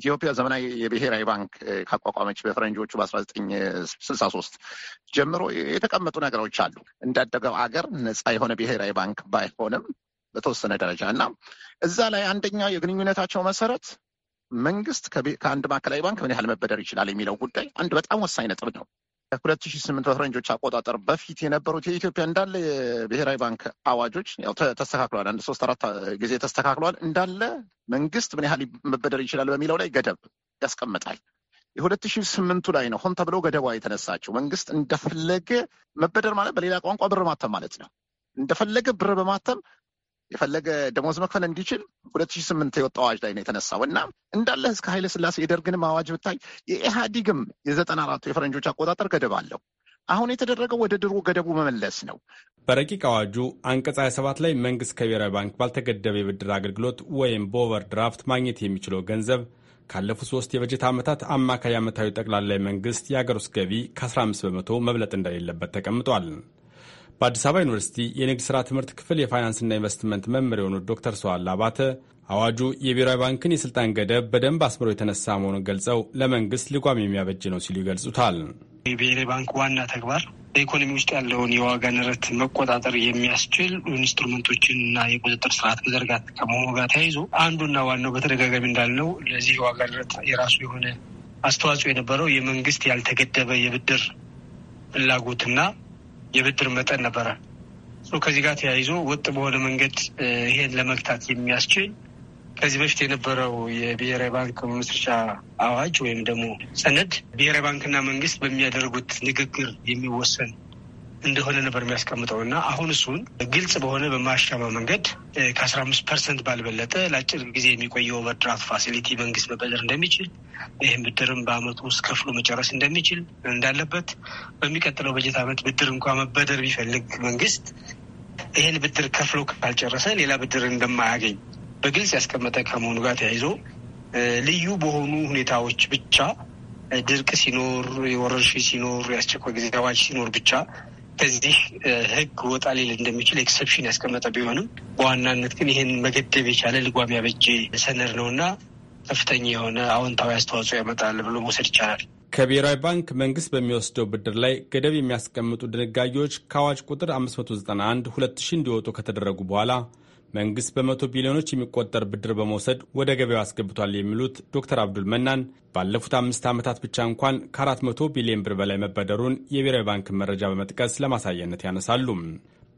ኢትዮጵያ ዘመናዊ የብሔራዊ ባንክ ካቋቋመች በፈረንጆቹ በ1963 ጀምሮ የተቀመጡ ነገሮች አሉ። እንዳደገው አገር ነፃ የሆነ ብሔራዊ ባንክ ባይሆንም በተወሰነ ደረጃ እና እዛ ላይ አንደኛው የግንኙነታቸው መሰረት መንግስት ከአንድ ማዕከላዊ ባንክ ምን ያህል መበደር ይችላል የሚለው ጉዳይ አንድ በጣም ወሳኝ ነጥብ ነው። ከሁለት ሺህ ስምንት ፈረንጆች አቆጣጠር በፊት የነበሩት የኢትዮጵያ እንዳለ የብሔራዊ ባንክ አዋጆች ያው ተስተካክሏል። አንድ ሶስት አራት ጊዜ ተስተካክሏል። እንዳለ መንግስት ምን ያህል መበደር ይችላል በሚለው ላይ ገደብ ያስቀምጣል። የሁለት ሺህ ስምንቱ ላይ ነው ሆን ተብሎ ገደቧ የተነሳቸው። መንግስት እንደፈለገ መበደር ማለት በሌላ ቋንቋ ብር ማተም ማለት ነው። እንደፈለገ ብር በማተም የፈለገ ደሞዝ መክፈል እንዲችል ሁለት ሺ ስምንት የወጣው አዋጅ ላይ ነው የተነሳው እና እንዳለ እስከ ኃይለ ስላሴ የደርግንም አዋጅ ብታይ የኢህአዲግም የዘጠና አራቱ የፈረንጆች አቆጣጠር ገደብ አለው። አሁን የተደረገው ወደ ድሮ ገደቡ መመለስ ነው። በረቂቅ አዋጁ አንቀጽ 27 ላይ መንግስት ከብሔራዊ ባንክ ባልተገደበ የብድር አገልግሎት ወይም በኦቨር ድራፍት ማግኘት የሚችለው ገንዘብ ካለፉት ሶስት የበጀት ዓመታት አማካይ ዓመታዊ ጠቅላላ መንግስት የአገር ውስጥ ገቢ ከ15 በመቶ መብለጥ እንደሌለበት ተቀምጧል። በአዲስ አበባ ዩኒቨርሲቲ የንግድ ሥራ ትምህርት ክፍል የፋይናንስና ኢንቨስትመንት መምህር የሆኑት ዶክተር ሰዋላ አባተ አዋጁ የብሔራዊ ባንክን የሥልጣን ገደብ በደንብ አስምሮ የተነሳ መሆኑን ገልጸው ለመንግሥት ልጓም የሚያበጅ ነው ሲሉ ይገልጹታል። የብሔራዊ ባንክ ዋና ተግባር በኢኮኖሚ ውስጥ ያለውን የዋጋ ንረት መቆጣጠር የሚያስችል ኢንስትሩመንቶችን እና የቁጥጥር ስርዓት መዘርጋት ከመሆኑ ጋር ተያይዞ አንዱና ዋናው በተደጋጋሚ እንዳልነው ለዚህ የዋጋ ንረት የራሱ የሆነ አስተዋጽኦ የነበረው የመንግስት ያልተገደበ የብድር ፍላጎትና የብድር መጠን ነበረ። ከዚህ ጋር ተያይዞ ወጥ በሆነ መንገድ ይሄን ለመግታት የሚያስችል ከዚህ በፊት የነበረው የብሔራዊ ባንክ መመስረቻ አዋጅ ወይም ደግሞ ሰነድ ብሔራዊ ባንክና መንግስት በሚያደርጉት ንግግር የሚወሰን እንደሆነ ነበር የሚያስቀምጠው እና አሁን እሱን ግልጽ በሆነ በማያሻማ መንገድ ከአስራ አምስት ፐርሰንት ባልበለጠ ለአጭር ጊዜ የሚቆየው ኦቨርድራፍት ፋሲሊቲ መንግስት መበደር እንደሚችል ይህም ብድርም በአመቱ ውስጥ ከፍሎ መጨረስ እንደሚችል እንዳለበት በሚቀጥለው በጀት አመት ብድር እንኳ መበደር ቢፈልግ መንግስት ይህን ብድር ከፍሎ ካልጨረሰ ሌላ ብድር እንደማያገኝ በግልጽ ያስቀመጠ ከመሆኑ ጋር ተያይዞ ልዩ በሆኑ ሁኔታዎች ብቻ ድርቅ ሲኖር፣ የወረርሽኝ ሲኖር፣ የአስቸኳይ ጊዜ አዋጅ ሲኖር ብቻ ከዚህ ህግ ወጣ ሊል እንደሚችል ኤክሰፕሽን ያስቀመጠ ቢሆንም በዋናነት ግን ይህን መገደብ የቻለ ልጓም ያበጀ ሰነድ ነው እና ከፍተኛ የሆነ አዎንታዊ አስተዋጽኦ ያመጣል ብሎ መውሰድ ይቻላል። ከብሔራዊ ባንክ መንግስት በሚወስደው ብድር ላይ ገደብ የሚያስቀምጡ ድንጋጌዎች ከአዋጅ ቁጥር 591 2000 እንዲወጡ ከተደረጉ በኋላ መንግስት በመቶ ቢሊዮኖች የሚቆጠር ብድር በመውሰድ ወደ ገበያው አስገብቷል የሚሉት ዶክተር አብዱል መናን ባለፉት አምስት ዓመታት ብቻ እንኳን ከ400 ቢሊዮን ብር በላይ መበደሩን የብሔራዊ ባንክን መረጃ በመጥቀስ ለማሳየነት ያነሳሉ።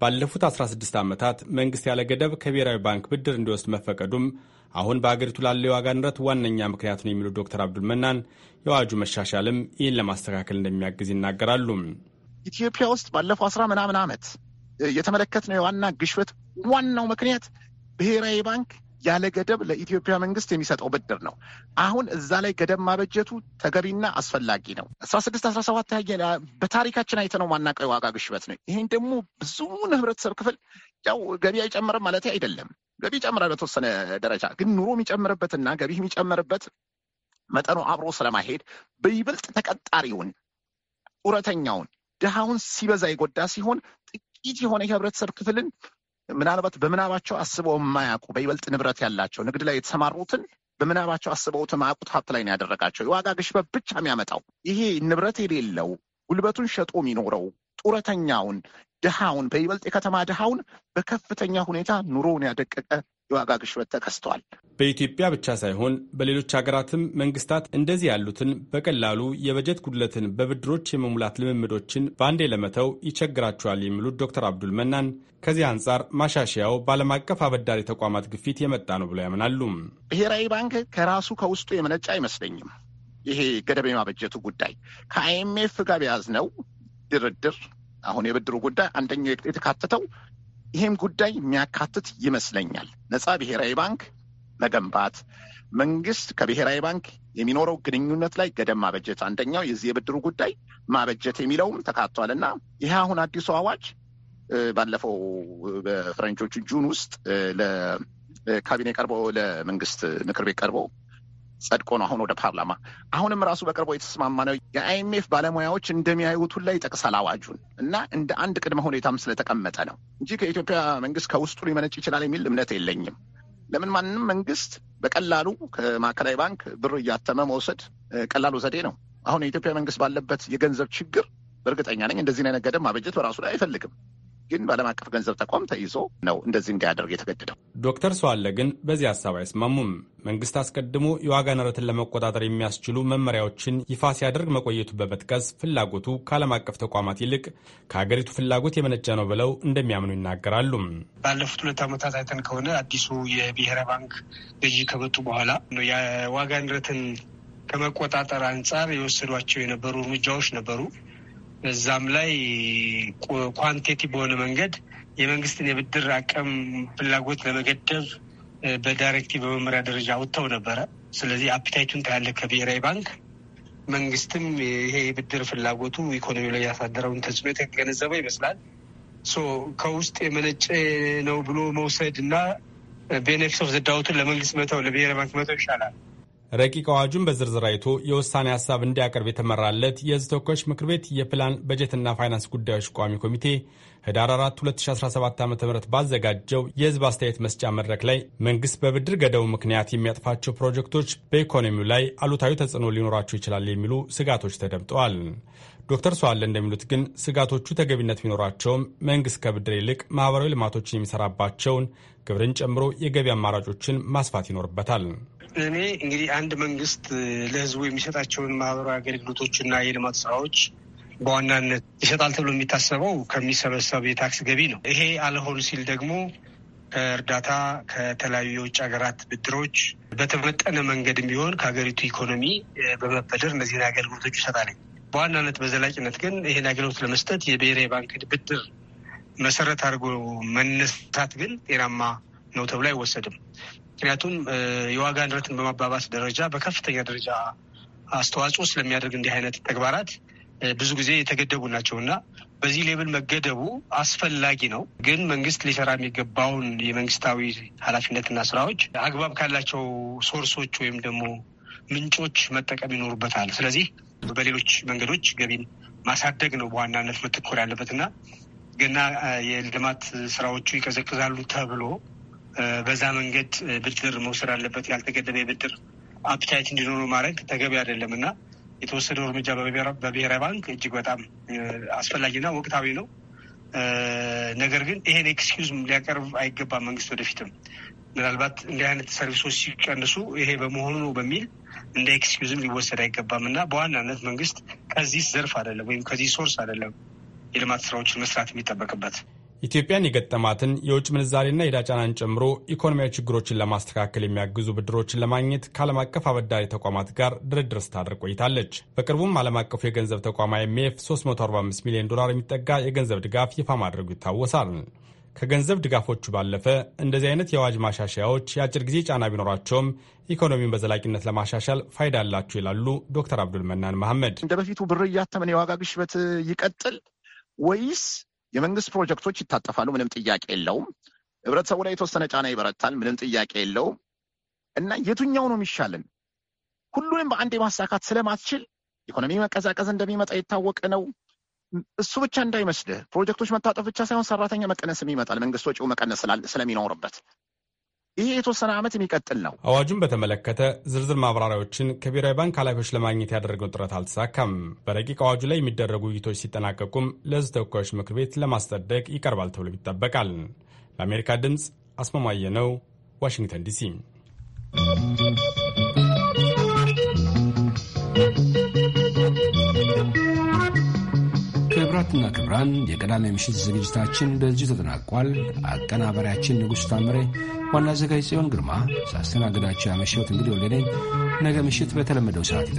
ባለፉት 16 ዓመታት መንግስት ያለ ገደብ ከብሔራዊ ባንክ ብድር እንዲወስድ መፈቀዱም አሁን በአገሪቱ ላለው የዋጋ ንረት ዋነኛ ምክንያት ነው የሚሉት ዶክተር አብዱል መናን የአዋጁ መሻሻልም ይህን ለማስተካከል እንደሚያግዝ ይናገራሉ። ኢትዮጵያ ውስጥ ባለፈው አስራ ምናምን ዓመት የተመለከትነው የዋና ግሽበት ዋናው ምክንያት ብሔራዊ ባንክ ያለ ገደብ ለኢትዮጵያ መንግስት የሚሰጠው ብድር ነው። አሁን እዛ ላይ ገደብ ማበጀቱ ተገቢና አስፈላጊ ነው። አስራ ስድስት አስራ ሰባት በታሪካችን አይተነው ማናውቀው የዋጋ ግሽበት ነው። ይህን ደግሞ ብዙውን ህብረተሰብ ክፍል ያው ገቢ አይጨምርም ማለት አይደለም። ገቢ ይጨምራል በተወሰነ ደረጃ ግን ኑሮ የሚጨምርበትና ገቢ የሚጨምርበት መጠኑ አብሮ ስለማሄድ በይበልጥ ተቀጣሪውን፣ ጡረተኛውን፣ ድሃውን ሲበዛ የጎዳ ሲሆን ጥቂት የሆነ የህብረተሰብ ክፍልን ምናልባት በምናባቸው አስበው የማያውቁ በይበልጥ ንብረት ያላቸው ንግድ ላይ የተሰማሩትን በምናባቸው አስበው የማያውቁት ሀብት ላይ ነው ያደረጋቸው። የዋጋ ግሽበት ብቻ የሚያመጣው ይሄ ንብረት የሌለው ጉልበቱን ሸጦ የሚኖረው ጡረተኛውን ድሃውን በይበልጥ የከተማ ድሃውን በከፍተኛ ሁኔታ ኑሮውን ያደቀቀ የዋጋ ግሽበት ተከስተዋል። በኢትዮጵያ ብቻ ሳይሆን በሌሎች ሀገራትም መንግስታት እንደዚህ ያሉትን በቀላሉ የበጀት ጉድለትን በብድሮች የመሙላት ልምምዶችን በአንዴ ለመተው ይቸግራቸዋል የሚሉት ዶክተር አብዱል መናን ከዚህ አንጻር ማሻሻያው በዓለም አቀፍ አበዳሪ ተቋማት ግፊት የመጣ ነው ብለው ያምናሉ። ብሔራዊ ባንክ ከራሱ ከውስጡ የመነጫ አይመስለኝም። ይሄ ገደብ የማበጀቱ ጉዳይ ከአይኤምኤፍ ጋር በያዝነው ድርድር አሁን የብድሩ ጉዳይ አንደኛው የተካተተው ይሄም ጉዳይ የሚያካትት ይመስለኛል። ነፃ ብሔራዊ ባንክ መገንባት መንግስት ከብሔራዊ ባንክ የሚኖረው ግንኙነት ላይ ገደብ ማበጀት አንደኛው የዚህ የብድሩ ጉዳይ ማበጀት የሚለውም ተካቷል እና ይህ አሁን አዲሱ አዋጅ ባለፈው በፈረንጆቹ ጁን ውስጥ ለካቢኔ ቀርቦ ለመንግስት ምክር ቤት ቀርበው ጸድቆ ነው አሁን ወደ ፓርላማ አሁንም ራሱ በቅርቡ የተስማማ ነው። የአይኤምኤፍ ባለሙያዎች እንደሚያዩት ሁላ ይጠቅሳል አዋጁን እና እንደ አንድ ቅድመ ሁኔታም ስለተቀመጠ ነው እንጂ ከኢትዮጵያ መንግስት ከውስጡ ሊመነጭ ይችላል የሚል እምነት የለኝም። ለምን ማንም መንግስት በቀላሉ ከማዕከላዊ ባንክ ብር እያተመ መውሰድ ቀላሉ ዘዴ ነው። አሁን የኢትዮጵያ መንግስት ባለበት የገንዘብ ችግር በእርግጠኛ ነኝ እንደዚህ አይነት ማበጀት በራሱ ላይ አይፈልግም። ግን በዓለም አቀፍ ገንዘብ ተቋም ተይዞ ነው እንደዚህ እንዳያደርግ የተገደደው። ዶክተር ሰዋለ ግን በዚህ ሀሳብ አይስማሙም። መንግስት አስቀድሞ የዋጋ ንረትን ለመቆጣጠር የሚያስችሉ መመሪያዎችን ይፋ ሲያደርግ መቆየቱ በመጥቀስ ፍላጎቱ ከዓለም አቀፍ ተቋማት ይልቅ ከሀገሪቱ ፍላጎት የመነጨ ነው ብለው እንደሚያምኑ ይናገራሉ። ባለፉት ሁለት ዓመታት አይተን ከሆነ አዲሱ የብሔራዊ ባንክ ገዢ ከመጡ በኋላ የዋጋ ንረትን ከመቆጣጠር አንጻር የወሰዷቸው የነበሩ እርምጃዎች ነበሩ። በዛም ላይ ኳንቲቲ በሆነ መንገድ የመንግስትን የብድር አቅም ፍላጎት ለመገደብ በዳይሬክቲቭ በመመሪያ ደረጃ አውጥተው ነበረ። ስለዚህ አፒታይቱን ታያለ ከብሔራዊ ባንክ መንግስትም ይሄ የብድር ፍላጎቱ ኢኮኖሚ ላይ ያሳደረውን ተጽዕኖ የተገነዘበው ይመስላል። ከውስጥ የመነጨ ነው ብሎ መውሰድ እና ቤኔፊት ኦፍ ዘዳውቱን ለመንግስት መተው ለብሔራዊ ባንክ መተው ይሻላል። ረቂቅ አዋጁን በዝርዝር አይቶ የውሳኔ ሀሳብ እንዲያቀርብ የተመራለት የህዝብ ተወካዮች ምክር ቤት የፕላን በጀትና ፋይናንስ ጉዳዮች ቋሚ ኮሚቴ ህዳር 4 2017 ዓ ም ባዘጋጀው የህዝብ አስተያየት መስጫ መድረክ ላይ መንግሥት በብድር ገደቡ ምክንያት የሚያጥፋቸው ፕሮጀክቶች በኢኮኖሚው ላይ አሉታዊ ተጽዕኖ ሊኖራቸው ይችላል የሚሉ ስጋቶች ተደምጠዋል። ዶክተር ሰዋለ እንደሚሉት ግን ስጋቶቹ ተገቢነት ቢኖራቸውም መንግሥት ከብድር ይልቅ ማኅበራዊ ልማቶችን የሚሰራባቸውን ግብርን ጨምሮ የገቢ አማራጮችን ማስፋት ይኖርበታል። እኔ እንግዲህ አንድ መንግስት ለህዝቡ የሚሰጣቸውን ማህበራዊ አገልግሎቶችና የልማት ስራዎች በዋናነት ይሰጣል ተብሎ የሚታሰበው ከሚሰበሰብ የታክስ ገቢ ነው። ይሄ አልሆን ሲል ደግሞ ከእርዳታ ከተለያዩ የውጭ ሀገራት ብድሮች በተመጠነ መንገድ ቢሆን ከሀገሪቱ ኢኮኖሚ በመበደር እነዚህን አገልግሎቶች ይሰጣል። በዋናነት በዘላቂነት ግን ይህን አገልግሎት ለመስጠት የብሔራዊ ባንክ ብድር መሰረት አድርጎ መነሳት ግን ጤናማ ነው ተብሎ አይወሰድም። ምክንያቱም የዋጋ ንረትን በማባባስ ደረጃ በከፍተኛ ደረጃ አስተዋጽኦ ስለሚያደርግ እንዲህ አይነት ተግባራት ብዙ ጊዜ የተገደቡ ናቸው እና በዚህ ሌብል መገደቡ አስፈላጊ ነው። ግን መንግስት ሊሰራ የሚገባውን የመንግስታዊ ኃላፊነትና ስራዎች አግባብ ካላቸው ሶርሶች ወይም ደግሞ ምንጮች መጠቀም ይኖሩበታል። ስለዚህ በሌሎች መንገዶች ገቢን ማሳደግ ነው በዋናነት መተኮር ያለበትና ገና የልማት ስራዎቹ ይቀዘቅዛሉ ተብሎ በዛ መንገድ ብድር መውሰድ አለበት። ያልተገደበ የብድር አፕታይት እንዲኖሩ ማድረግ ተገቢ አይደለም እና የተወሰደው እርምጃ በብሔራዊ ባንክ እጅግ በጣም አስፈላጊና ወቅታዊ ነው። ነገር ግን ይሄን ኤክስኪውዝ ሊያቀርብ አይገባም። መንግስት ወደፊትም ምናልባት እንዲህ አይነት ሰርቪሶች ሲቀንሱ ይሄ በመሆኑ ነው በሚል እንደ ኤክስኪውዝም ሊወሰድ አይገባም እና በዋናነት መንግስት ከዚህ ዘርፍ አይደለም ወይም ከዚህ ሶርስ አይደለም የልማት ስራዎችን መስራት የሚጠበቅበት። ኢትዮጵያን የገጠማትን የውጭ ምንዛሬና የዕዳ ጫናን ጨምሮ ኢኮኖሚያዊ ችግሮችን ለማስተካከል የሚያግዙ ብድሮችን ለማግኘት ከዓለም አቀፍ አበዳሪ ተቋማት ጋር ድርድር ስታደርግ ቆይታለች። በቅርቡም ዓለም አቀፉ የገንዘብ ተቋም አይኤምኤፍ 345 ሚሊዮን ዶላር የሚጠጋ የገንዘብ ድጋፍ ይፋ ማድረጉ ይታወሳል። ከገንዘብ ድጋፎቹ ባለፈ እንደዚህ አይነት የአዋጅ ማሻሻያዎች የአጭር ጊዜ ጫና ቢኖራቸውም ኢኮኖሚውን በዘላቂነት ለማሻሻል ፋይዳ አላቸው ይላሉ ዶክተር አብዱል መናን መሐመድ። እንደ በፊቱ ብር እያተመን የዋጋ ግሽበት ይቀጥል ወይስ የመንግስት ፕሮጀክቶች ይታጠፋሉ፣ ምንም ጥያቄ የለውም። ህብረተሰቡ ላይ የተወሰነ ጫና ይበረታል፣ ምንም ጥያቄ የለውም። እና የቱኛው ነው የሚሻልን? ሁሉንም በአንድ ማሳካት ስለማትችል ኢኮኖሚ መቀዛቀዝ እንደሚመጣ የታወቀ ነው። እሱ ብቻ እንዳይመስልህ ፕሮጀክቶች መታጠፍ ብቻ ሳይሆን ሰራተኛ መቀነስም ይመጣል። መንግስት ወጪው መቀነስ ስለሚኖርበት ይሄ የተወሰነ ዓመት የሚቀጥል ነው። አዋጁን በተመለከተ ዝርዝር ማብራሪያዎችን ከብሔራዊ ባንክ ኃላፊዎች ለማግኘት ያደረገው ጥረት አልተሳካም። በረቂቅ አዋጁ ላይ የሚደረጉ ውይይቶች ሲጠናቀቁም ለሕዝብ ተወካዮች ምክር ቤት ለማስጸደቅ ይቀርባል ተብሎ ይጠበቃል። ለአሜሪካ ድምፅ አስማማየ ነው፣ ዋሽንግተን ዲሲ ክቡራትና ክቡራን የቅዳሜ ምሽት ዝግጅታችን በዚሁ ተጠናቋል። አቀናበሪያችን ንጉሥ ታምሬ፣ ዋና አዘጋጅ ጽዮን ግርማ፣ ሳስተናግዳቸው ያመሸሁት እንግዲህ ወልደኔ ነገ ምሽት በተለመደው ሰዓት